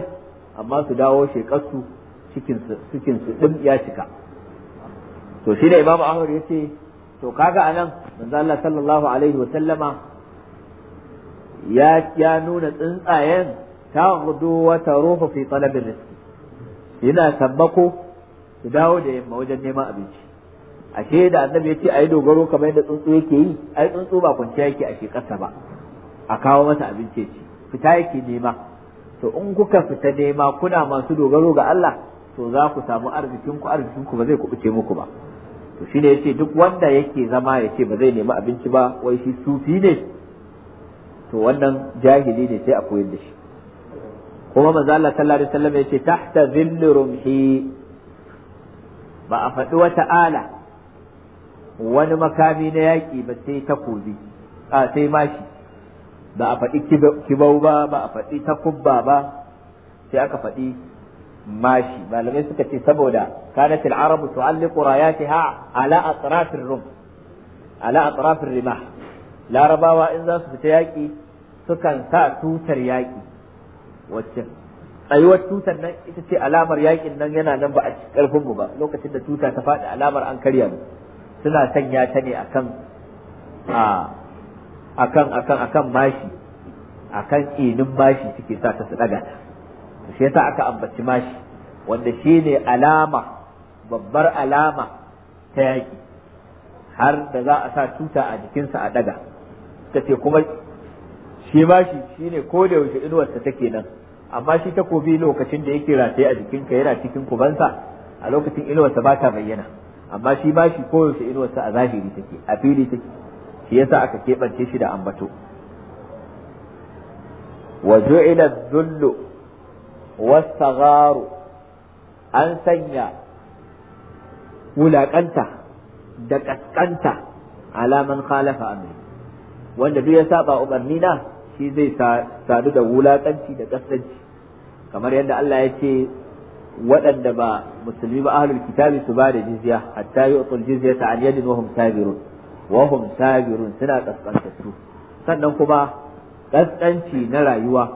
amma su dawo shekarsu cikin su cikin su din ya cika to shi da imamu ahmad yace to kaga anan manzo Allah sallallahu alaihi wa sallama ya ya nuna tsuntsayen taghdu wa taruhu fi talab rizq yana sammako su dawo da yamma wajen neman abinci ashe da annabi ya ce ayi dogaro kamar yadda tsuntsu yake yi ai tsuntsu ba kwanciya yake a shekarsa ba a kawo masa abinci ya ci fita yake nema to in kuka fita nema kuna masu dogaro ga Allah to za ku samu arzikinku arzikinku ba zai kubuce muku ba to shine yace duk wanda yake zama yace ba zai nemi abinci ba wai shi sufi ne to wannan jahili ne sai a koyar da shi kuma manzo Allah sallallahu alaihi wasallam yace tahta dhilli rumhi ba a faɗi wata ala wani makami na yaƙi ba sai takobi a sai mashi ba a faɗi kibau ba ba a faɗi takubba ba sai aka faɗi mashi malamai suka ce saboda kanat al-arabu tu'alliqu rayatiha ala atrafir rum ala atrafir rimah larabawa in za su fita yaƙi sukan sa tutar yaƙi wacce tsayuwar tutar nan ita ce alamar yakin nan yana nan ba a karfin mu ba lokacin da tuta ta faɗi alamar an karya mu suna sanya ta ne akan a akan akan akan mashi akan inin mashi suke sa ta su daga shi yasa aka ambaci mashi wanda shine alama babbar alama ta yaki har da za a sa tuta a jikinsa a daga ta ce kuma shi ma shi shine ko da yaushe inuwarsa take nan amma shi takobi lokacin da yake rataye a jikinka yana cikin kubansa a lokacin inuwarsa ba ta bayyana amma shi ma shi ko yaushe inuwarsa a zahiri take a fili take shi yasa aka keɓance shi da ambato wa ju'ila dhullu was-sagharu an sanya wulaƙanta da kaskanta alaman khalafa amri wanda duk ya saba umarni na shi zai sadu da wulaƙanci da ƙasanci kamar yadda Allah ya ce waɗanda ba musulmi ba ahlul kitabi su ba da jizya hatta yu'tul jizyata an yadin wa sabirun Wahum sabirun suna ƙasƙantattu. sannan kuma kaskanci na rayuwa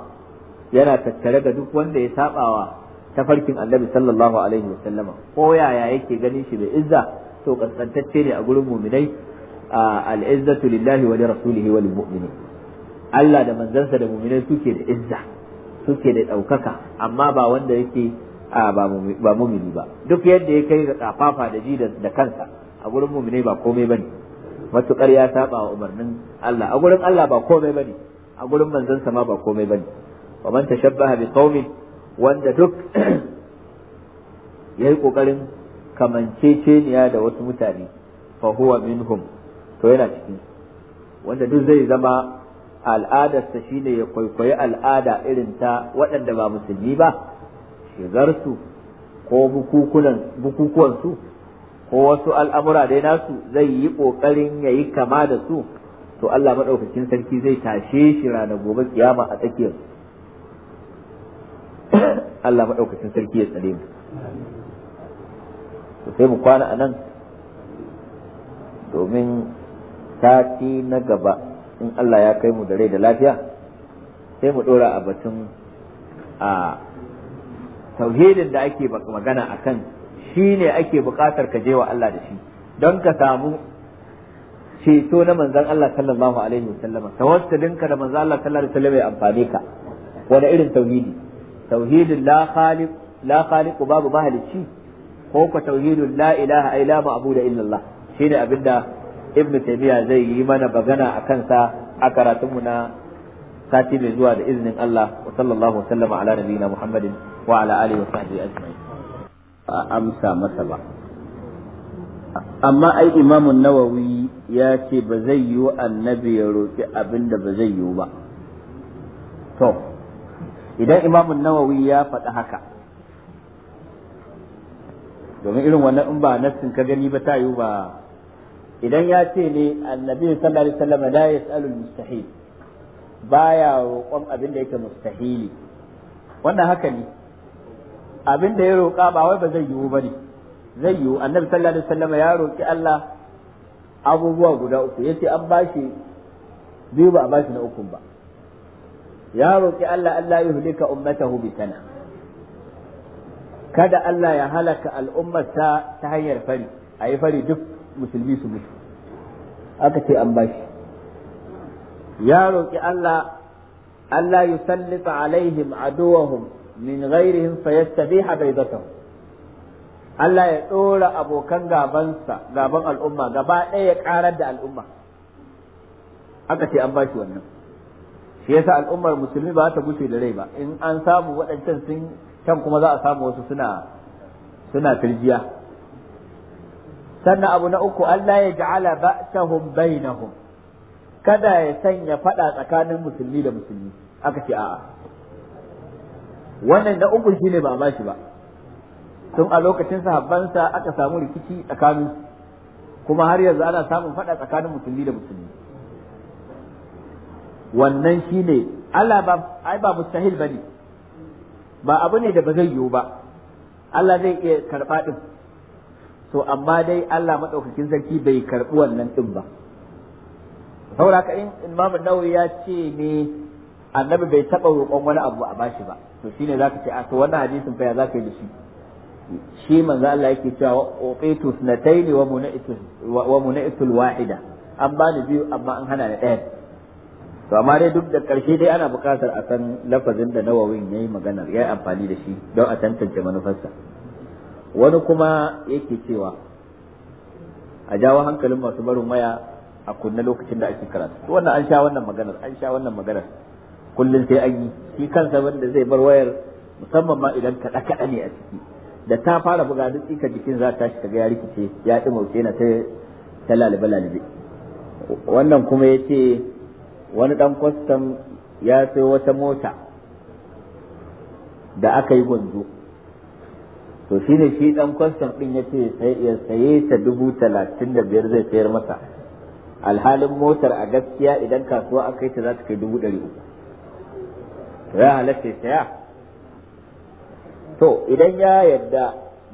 yana tattare ga duk wanda ya sabawa tafarkin annabi sallallahu alaihi wa sallama ko yaya yake ganin shi bai izza to kaskantacce ne a gurin muminai al lillahi wa li rasulihi wa lil mu'minin Allah da manzansa da mu'minai suke da izza suke da ɗaukaka amma ba wanda yake ba mumini ba duk yadda ya kai ga kafafa da ji da kansa a gurin mumini ba komai bane matukar ya saba wa umarnin Allah a gurin Allah ba komai bane a gurin manzansa ma ba komai bane wa man tashabbaha bi qaumi wanda duk yayi kokarin kamanceceniya da wasu mutane fa huwa minhum to yana cikin wanda duk zai zama al'adarsa shine ya kwaikwayi al'ada irin ta waɗanda ba musulmi ba shigarsu ko bukukuwansu ko wasu al'amura dai nasu zai yi ƙoƙarin ya yi kama da su to Allah maɗaukacin sarki zai tashe shi ranar gobe kiyama a tsakiyar Allah maɗaukacin sarki ya tsare mu sai mu kwana a nan domin sati na gaba in Allah ya kai mu da rai da lafiya sai mu dora a batun a tauhidin da ake magana akan shine ake buƙatar ka je wa Allah da shi don ka samu ceto na manzan Allah sallallahu alaihi wasallama ka da manzan Allah sallallahu alaihi wasallama ya amfane ka wani irin tauhidi tauhidin la khaliq la khaliq babu bahalici ko ko tauhidul la ilaha illa ma'budu illa Allah shine abinda ibn taymiya zai yi mana bagana a kansa a karatunmu na sati mai zuwa da iznin Allah wa sallallahu wasallama ala nabiyina Muhammadin wa ala alihi wa sahbihi ajma'in a amsa masa ba amma ai imamun nawawi ya ce ba zai yi wa annabi ya roƙi abin da ba zai yi ba to idan imamun nawawi ya faɗi haka domin irin wannan in ba nassin ka gani ba ta yi ba idan ya ce ne annabi sallallahu alaihi wasallam la yasalu mustahil baya roƙon abin da yake mustahili wannan haka ne abin da ya roƙa ba wai ba zai yiwu bane zai yiwu annabi sallallahu alaihi wasallam ya roƙi Allah abubuwa guda uku yace an bashi biyu ba a bashi na ukun ba ya roƙi Allah Allah ya hulika ummatahu bi sana kada Allah ya halaka al'ummarsa ta hanyar fari a yi fari duk musulmi su mutu aka ce an bashi ya roƙi Allah Allah yusallita alaihim aduwahum min ghairihim fayastabiha baydatahum Allah ya ɗora abokan gabansa gaban al'umma gaba ɗaya ya ƙarar da al'umma aka ce an bashi wannan shi yasa al'ummar musulmi ba ta gushe da rai ba in an samu waɗancan sun can kuma za a samu wasu suna suna firjiya sannan abu na uku Allah ya ja'ala ba'tahum bainahum kada ya sanya fada tsakanin musulmi da musulmi aka ce a'a wannan da uku shine ba ba shi ba tun a lokacin sahabbansa aka samu rikici tsakanin kuma har yanzu ana samun fada tsakanin musulmi da musulmi wannan shine Allah ba ai ba mustahil bane ba abu ne da ba zai yiwu ba Allah zai iya karba din to amma dai Allah madaukakin sarki bai karbi wannan din ba saboda haka in Imam Nawawi ya ce ne annabi bai taba roƙon wani abu a bashi ba to shine zaka ce a ah, to wannan hadisin fa ya zaka yi da shi shi manzo Allah yake cewa uqitu sunataini wa munaitu wa munaitu wahida an bani biyu amma an hana ni ɗaya to amma dai duk da karshe dai ana buƙatar a san lafazin da nawawin yayi magana yayi amfani da shi don a tantance manufarsa wani kuma yake cewa a jawo hankalin masu barin maya a kunne lokacin da ake karatu wannan an sha wannan maganar an sha wannan maganar kullum sai an yi shi kansa wanda zai bar wayar musamman ma idan kaɗa kaɗa ne a ciki da ta fara buga duk tsika jikin za ta shiga, ya rikice ya ɗi na ta lalibe lalibe wannan kuma ya ce wani ɗan kwastam ya sayo wata mota da aka yi gwanzo to ne shi dan kwastam din ya ce ya saye ta dubu talatin da biyar zai sayar masa alhalin motar a gaskiya idan kasuwa aka yi ta za ta kai dubu ɗari uku ya halatta saya to idan ya yadda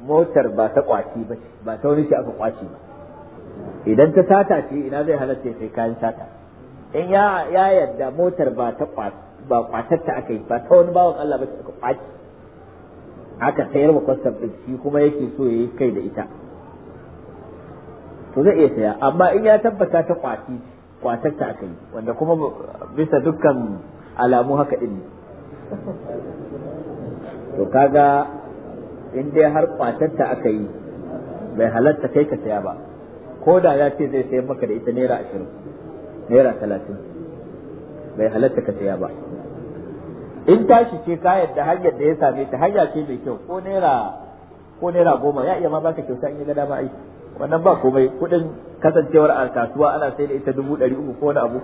motar ba ta kwaci ba ba ta wani shi aka kwaci ba idan ta sata ce ina zai halatta sai kayan sata in ya yadda motar ba ta kwatatta aka yi ba ta wani bawan Allah ba ta aka kwaci aka sayar wa kwastam ɗin shi kuma yake so ya yi kai da ita to zai iya saya amma in ya tabbata ta kwaci kwatarta aka yi wanda kuma bisa dukkan alamu haka ɗin ne to kaga in dai har kwatarta aka yi bai halatta kai ka saya ba ko da ya ce zai sayar maka da ita naira ashirin naira talatin bai halatta ka saya ba in tashi ce ka yadda hanyar da ya same ta hanya ce mai kyau ko naira ko naira goma ya iya ma baka kyauta in ya ga dama ai wannan ba komai kuɗin kasancewar a kasuwa ana sai da ita dubu ɗari uku ko wani abu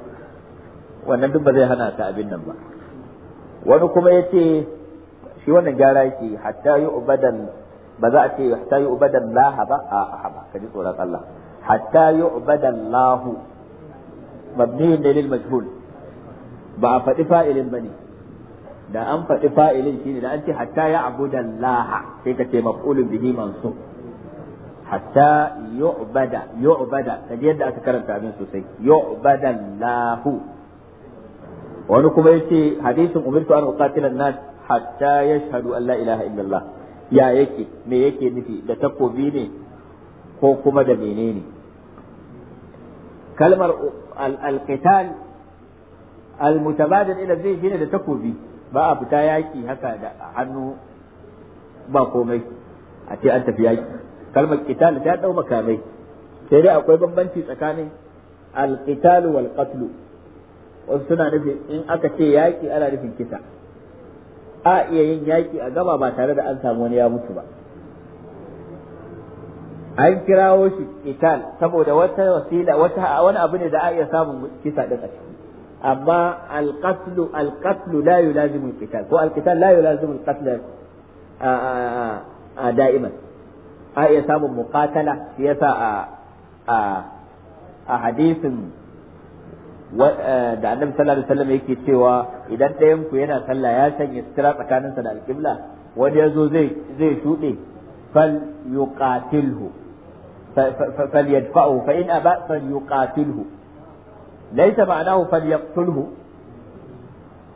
wannan duk ba zai hana ta abin nan ba wani kuma ya ce shi wannan gyara yake hatta yi ubadan ba za a ce hatta yi ubadan laha ba a haba ka ji tsoron Allah hatta yi ubadan lahu mabni ne lil majhul ba a faɗi fa'ilin ba ne da an faɗi fa'ilin shine da an ce hatta ya abu laha sai ka ce maf'ulun bihi mansu hatta yu'bada yu'bada kaji yadda aka karanta abin sosai lahu. wani kuma yace hadisin umirtu an uqatila nas hatta yashhadu an la ilaha illallah ya yake me yake nufi da takobi ne ko kuma da menene kalmar al-qital al-mutabadil ila zai shine da takobi ba a fita yaki haka da hannu ba komai a ce an tafi yaki kalmar qital ta dau makamai sai dai akwai bambanci tsakanin al-qital wal qatl wasu suna nufin in aka ce yaki ana nufin kisa a iya yin yaki a gaba ba tare da an samu wani ya mutu ba an kirawo shi qital saboda wata wasila wata wani abu ne da a iya samun kisa din a amma alqatlu alqatlu la yulazimu alqital ko alqital la yulazimu alqatl a da'iman a iya samun muqatala shi yasa a hadisin da annabi sallallahu alaihi wasallam yake cewa idan ɗayan ku yana sallah ya sanya sutura tsakaninsa da alƙibla wani ya zo zai zai shuɗe fal yuqatilhu fal yadfa'u fa in aba fal yuqatilhu laisa ma'anahu falyaqtulhu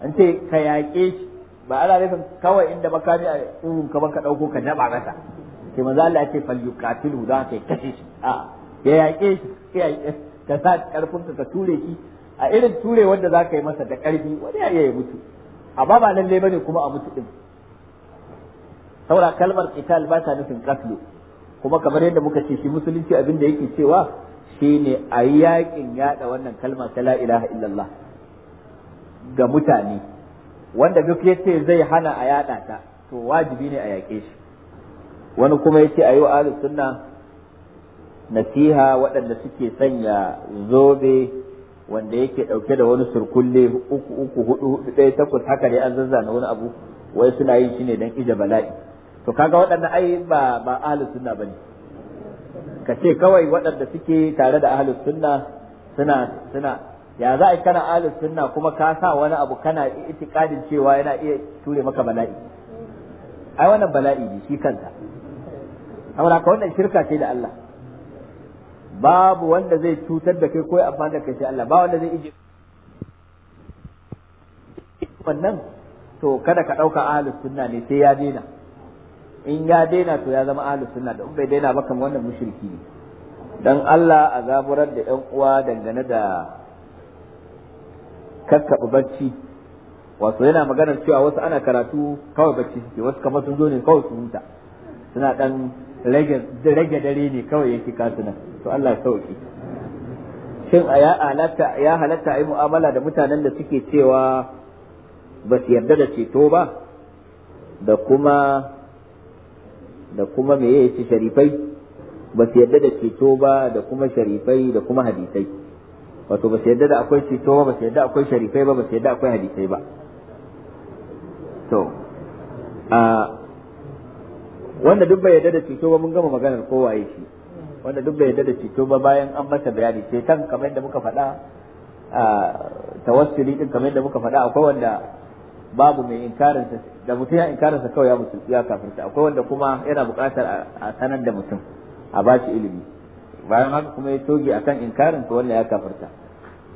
an ce ka yaƙe shi ba ana nufin kawai inda makami a tsuhun ka ka ɗauko ka daba masa ke manzo Allah ya falyuqatilhu da za ka kashe shi a ya yaƙe shi ka sa karfin ka ture shi a irin ture wanda za ka yi masa da ƙarfi wani ya iya mutu amma ba lalle bane kuma a mutu din saura kalmar qital ba ta nufin qatlu kuma kamar yadda muka ce shi musulunci abin da yake cewa shine a yi yakin yada wannan kalma ta la ilaha illallah ga mutane wanda duk ya zai hana a yada ta to wajibi ne a yaƙe shi wani kuma ya ce a yi wa sunna nasiha waɗanda suke sanya zobe wanda yake ɗauke da wani surkulle uku uku hudu hudu ɗaya takwas haka dai an zazzana wani abu wai suna yin shi ne don ija bala'i to kaga waɗannan ai ba ba ahlus sunna bane ka ce kawai waɗanda suke tare da ahlus sunna suna suna ya za a kana ahlus sunna kuma ka sa wani abu kana itikadin cewa yana iya ture maka bala'i ai wannan bala'i ne shi kanta amma ka wannan shirka ce da Allah babu wanda zai cutar da kai ko ya amfana da kai sai Allah ba wanda zai iji wannan to kada ka ɗauka ahlus sunna ne sai ya daina in ya daina to ya zama ahlus sunna da bai daina ba kamar wannan mushriki ne dan Allah a zaburar da ƴan uwa dangane da kakkaɓe bacci wato yana maganar cewa wasu ana karatu kawai bacci suke wasu kamar sun zo ne kawai su huta suna dan rage dare ne kawai yake kasuna to Allah ya sauki shin a ya halatta ya halatta a yi mu'amala da mutanen da suke cewa ba su yarda da ceto ba da kuma da kuma me yace sharifai ba su yadda da ceto ba da kuma sharifai da kuma hadisai wato ba su yadda da akwai ceto ba ba su yadda akwai sharifai ba ba su yadda akwai hadisai ba to a wanda duk bai yadda da ceto ba mun gama maganar ko waye shi wanda duk bai yadda da ceto ba bayan an masa bayani ceton kamar yadda muka faɗa a tawassuli din kamar yadda muka faɗa akwai wanda babu mai inkarin sa da mutum ya inkarin sa kawai ya mutum ya kafirta akwai wanda kuma yana buƙatar a sanar da mutum a shi ilimi bayan haka kuma ya toge akan inkarin sa wannan ya kafirta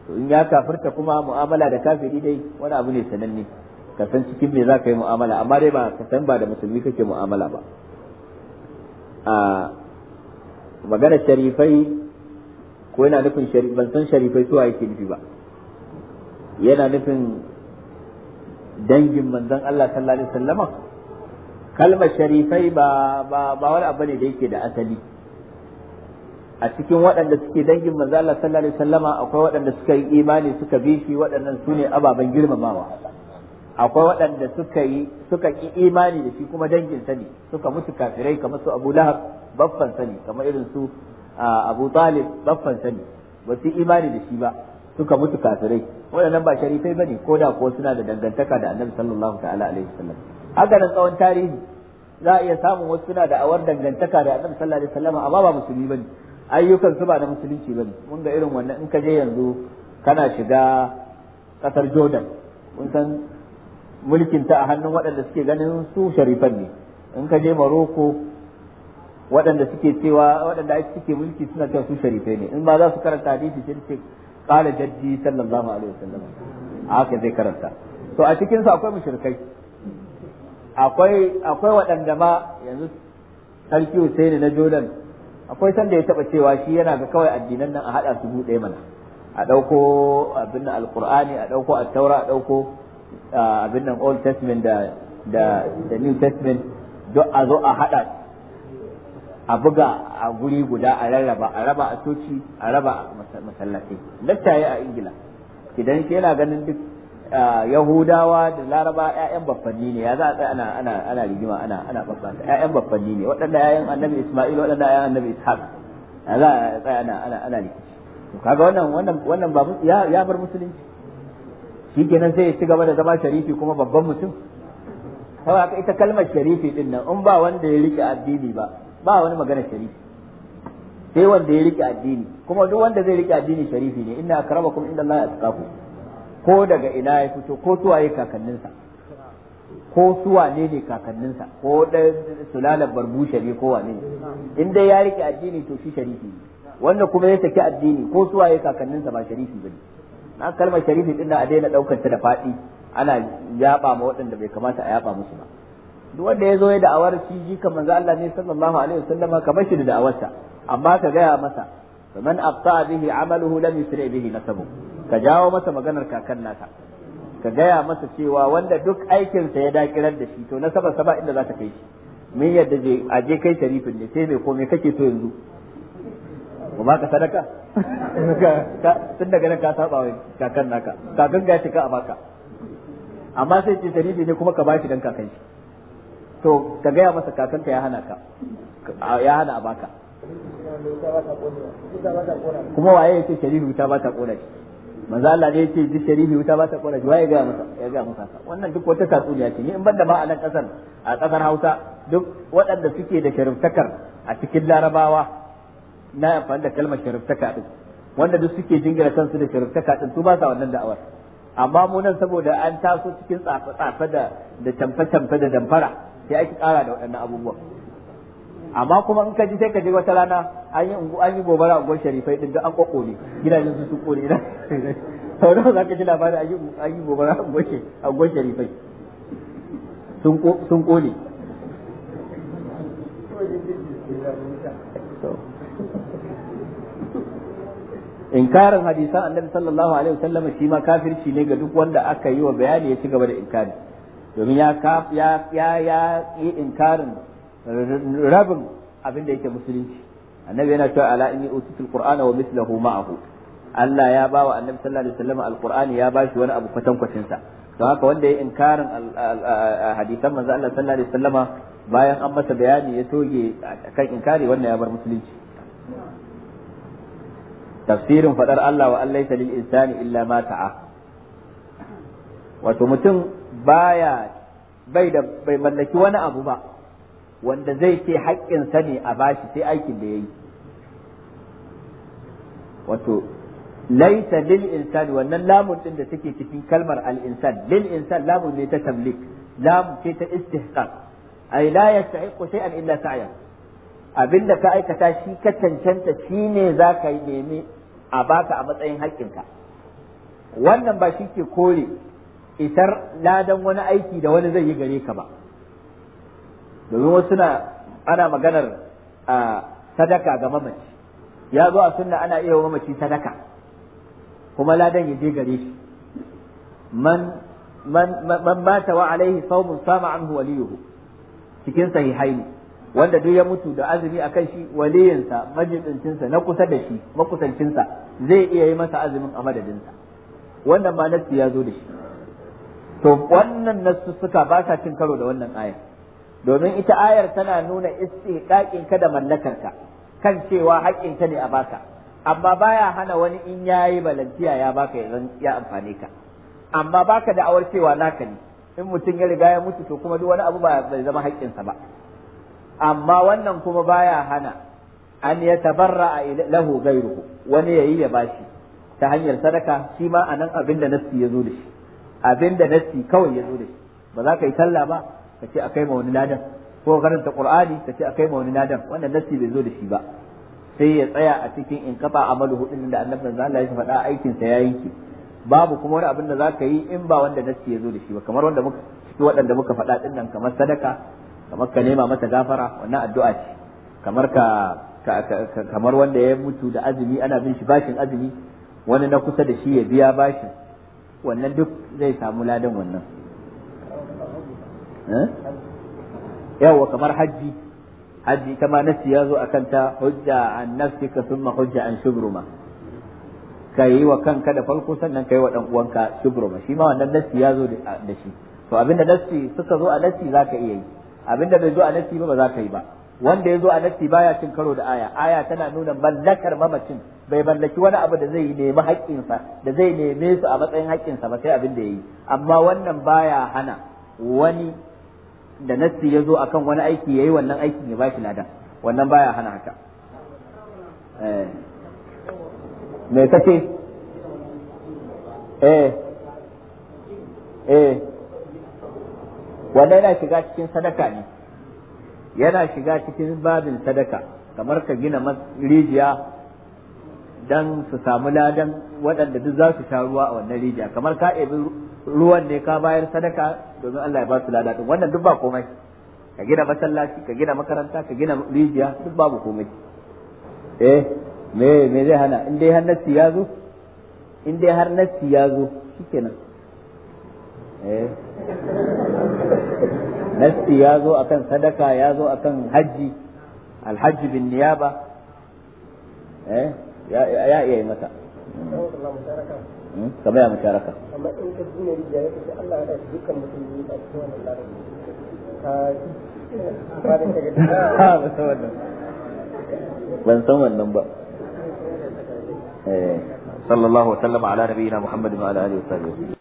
to in ya kafirta kuma mu'amala da kafiri dai wani abu ne sananne ka san cikin me za ka yi mu'amala amma dai ba ka san ba da musulmi kake mu'amala ba a magana sharifai ko yana nufin ban san sharifai suwa yake nufi ba yana nufin dangin manzon Allah sallallahu alaihi wasallama kalmar sharifai ba ba ba wani abu ne da yake da asali a cikin waɗanda suke dangin manzon Allah sallallahu alaihi wasallama akwai waɗanda suka yi imani suka bi shi waɗannan sune ababen girmamawa akwai waɗanda suka yi suka ki imani da shi kuma dangin sani suka mutu kafirai kamar su Abu Lahab baffan sani kamar irin su Abu Talib baffan sani ba su imani da shi ba suka mutu kafirai waɗannan ba sharifai bane ko da ko suna da dangantaka da annabi sallallahu ta'ala alaihi wasallam haka nan tsawon tarihi za a iya samun wasu suna da awar dangantaka da annabi sallallahu alaihi wasallam amma ba musulmi bane ayyukan su ba na musulunci bane mun ga irin wannan in ka je yanzu kana shiga kasar Jordan mun san mulkin ta a hannun waɗanda suke ganin su sharifan ne in ka je Morocco waɗanda suke cewa waɗanda ake suke mulki suna cewa su sharifai ne in ba za su karanta hadisi sai ce qala jaddi sallallahu alaihi wasallam haka zai karanta to a cikin su akwai mushrikai akwai akwai waɗanda ma yanzu sarki Hussein na Jordan akwai sanda ya taba cewa shi yana ga kawai addinan nan a hada su buɗe mana a ɗauko abin nan alqur'ani a ɗauko at-taura a ɗauko abin nan old testament da da new testament duk a zo a hada a buga a guri guda a rarraba a raba a coci a raba a masallatai lattaye a ingila idan shi yana ganin duk yahudawa da laraba ƴaƴan baffanni ne ya za a tsaye ana ana ana rigima ana ana babbanta ƴaƴan baffanni ne waɗanda ƴaƴan annabi isma'il waɗanda ƴaƴan annabi ishaq ya za a tsaye ana ana ana rikici to kaga wannan wannan wannan ba ya bar musulunci kenan sai ya ci gaba da zama sharifi kuma babban mutum saboda ita kalmar sharifi din nan in ba wanda ya rike addini ba ba wani magana sharifi sai wanda ya rike addini kuma duk wanda zai rike addini sharifi ne inna akramakum inda Allah ko daga ina ya fito ko suwaye kakanninsa ko suwa ne ne kakanninsa ko dan sulalar barbushe ne ko wane in dai ya rike addini to shi sharifi ne wanda kuma ya saki addini ko suwaye kakanninsa ba sharifi bane na kalmar sharifi din da a daina daukar ta da faɗi, ana yaba ma waɗanda bai kamata a yaba musu ba duk wanda ya zo ya da'awar shi ka manzo Allah ne sallallahu alaihi wasallam ka shi da da'awarsa amma ka gaya masa man aqta bihi amaluhu lam yusri bihi nasabu ka jawo masa maganar kakan nasa ka gaya masa cewa wanda duk aikinsa ya dakirar da shi to nasaba saba inda za ta kai shi min yadda je a je kai sharifin ne sai mai komai kake so yanzu ba ba ka sadaka tun daga nan ka saba wa kakan naka kakan ga shi ka a baka amma sai ce sharifi ne kuma ka bashi dan kakan shi to ka gaya masa kakanta ya hana ka ya hana a baka kuma waye yace sharifi wuta ba ta kona shi manzo Allah ne yace duk sharifi wuta ba ta kona shi waye ga masa ya ga masa wannan duk wata tatsuniya ce ni in banda ba a nan kasar a kasar Hausa duk waɗanda suke da shariftakar a cikin Larabawa na amfani da kalmar shariftaka din wanda duk suke jingira kansu da shariftaka din su ba sa wannan da'awar amma mu nan saboda an taso cikin tsafe-tsafe da da tamfe-tamfe da damfara sai ake ƙara da waɗannan abubuwa amma kuma in ka ji sai ka je wata rana an yi an yi gobara a gwar sharifai din duk an kokone gidajen su sun kone ina sau nawa za ka ji labarin an yi gobara a gwar sharifai sun kone inkarin hadisan annabi sallallahu alaihi wasallam shi ma kafirci ne ga duk wanda aka yi wa bayani ya ci gaba da inkari domin ya ya ya yi inkarin rabin abin da yake musulunci annabi yana cewa ala inni utitul qur'ana wa mithluhu ma'ahu Allah ya bawa annabi sallallahu alaihi wasallam alqur'ani ya bashi wani abu kwatankwacin sa To haka wanda ya inkarin hadisan manzo Allah sallallahu alaihi wasallama bayan an masa bayani ya toge kan inkari wannan ya bar musulunci tafsirin fadar Allah wa Allah lil insani illa ma ta'a wato mutum baya bai da bai mallaki wani abu ba wanda zai ce haƙƙinsa ne a bashi sai aikin da ya yi wato laisa lil insani wannan lamun din da suke cikin kalmar al insan lil insan lamun ne ta tamlik lamun ce ta istihqaq ay la yastahiqu shay'an illa sa'ya abinda ka aikata shi ka cancanta shine zaka yi nemi a baka a matsayin haƙƙinka wannan ba shi ke kore itar ladan wani aiki da wani zai yi gare ka ba domin wasu na ana maganar a sadaka ga mamaci ya zo a sunna ana iya mamaci sadaka kuma ladan ya je gare shi man man mata wa alaihi sawmun sama anhu waliyuhu cikin sahihaini wanda duk ya mutu da azumi a akan shi waliyinsa majidincinsa na kusa da shi makusancinsa zai iya yi masa azumin a madadinsa wannan ma nassi ya zo da shi to wannan suka ba sa cin karo da wannan aya domin ita ayar tana nuna istiqaqin ka da mallakarka kan cewa haƙƙin ka ne a baka amma baya hana wani in yayi balantiya ya baka ya amfane ka amma baka da awar cewa naka ne in mutum ya riga ya mutu to kuma duk wani abu ba bai zama haƙƙinsa ba amma wannan kuma baya hana an ya tabarra a lahu gairuhu wani yayi ya bashi ta hanyar sadaka shi ma anan abin da nafsi ya zo da shi Abin da nassi kawai ya zo da shi ba za ka yi sallah ba ka ce akai ma wani ladan ko karanta qur'ani ka ce akai ma wani ladan wannan nassi bai zo da shi ba sai ya tsaya a cikin in kafa amalu hudin da annabi sallallahu alaihi wasallam ya faɗa aikin sa ya yanke babu kuma wani abin da za ka yi in ba wanda nassi ya zo da shi ba kamar wanda muka ciki waɗanda muka faɗa din nan kamar sadaka kamar ka nema mata gafara wannan addu'a ce kamar ka kamar wanda ya mutu da azumi ana bin shi bashin azumi wani na kusa da shi ya biya bashin wannan duk zai samu ladan wannan eh? yawa kamar hajji hajji ta ma nasi ya zo a kanta hujja an ka summa hujja an shubruma ka yi wa kanka da farko sannan ka yi wa ɗan'uwanka uwanka shubruma shi ma wannan nasi ya zo da shi to abinda nasi suka zo a nasi za ka iya yi abinda bai zo a nasi ba ba za ka yi ba wanda ya zo a nassi baya cin karo da aya aya tana nuna mallakar mamacin bai mallaki wani abu da zai nemi haƙƙinsa da zai neme su a matsayin haƙƙinsa ba sai abin da ya yi amma wannan baya hana wani da nassi ya zo akan wani aiki ya yi wannan aikin ya bashi lada wannan baya hana haka eh. me kace eh eh wannan yana shiga cikin sadaka ne yana shiga cikin babin sadaka kamar ka gina rijiya dan su samu ladan waɗanda duk za su sha ruwa a wannan rijiya kamar ka ebi ruwan ne ka bayar sadaka domin Allah ya ba su ladan wannan duk ba komai ka gina masallaci ka gina makaranta ka gina rijiya duk babu komai eh me me zai hana in dai har nasi ya zo in dai har nasi ya zo shikenan eh nasti ya zo akan sadaka ya zo akan hajji alhajji bin niyaba eh ya iya yi mata
hmm,
kamar ya musharaka
amma in ka rijiya ya Allah dukkan mutum a cikin
wannan ban san wannan ba eh. sallallahu alaihi wa sallam ala nabiyina muhammadin wa ala alihi wa sahbihi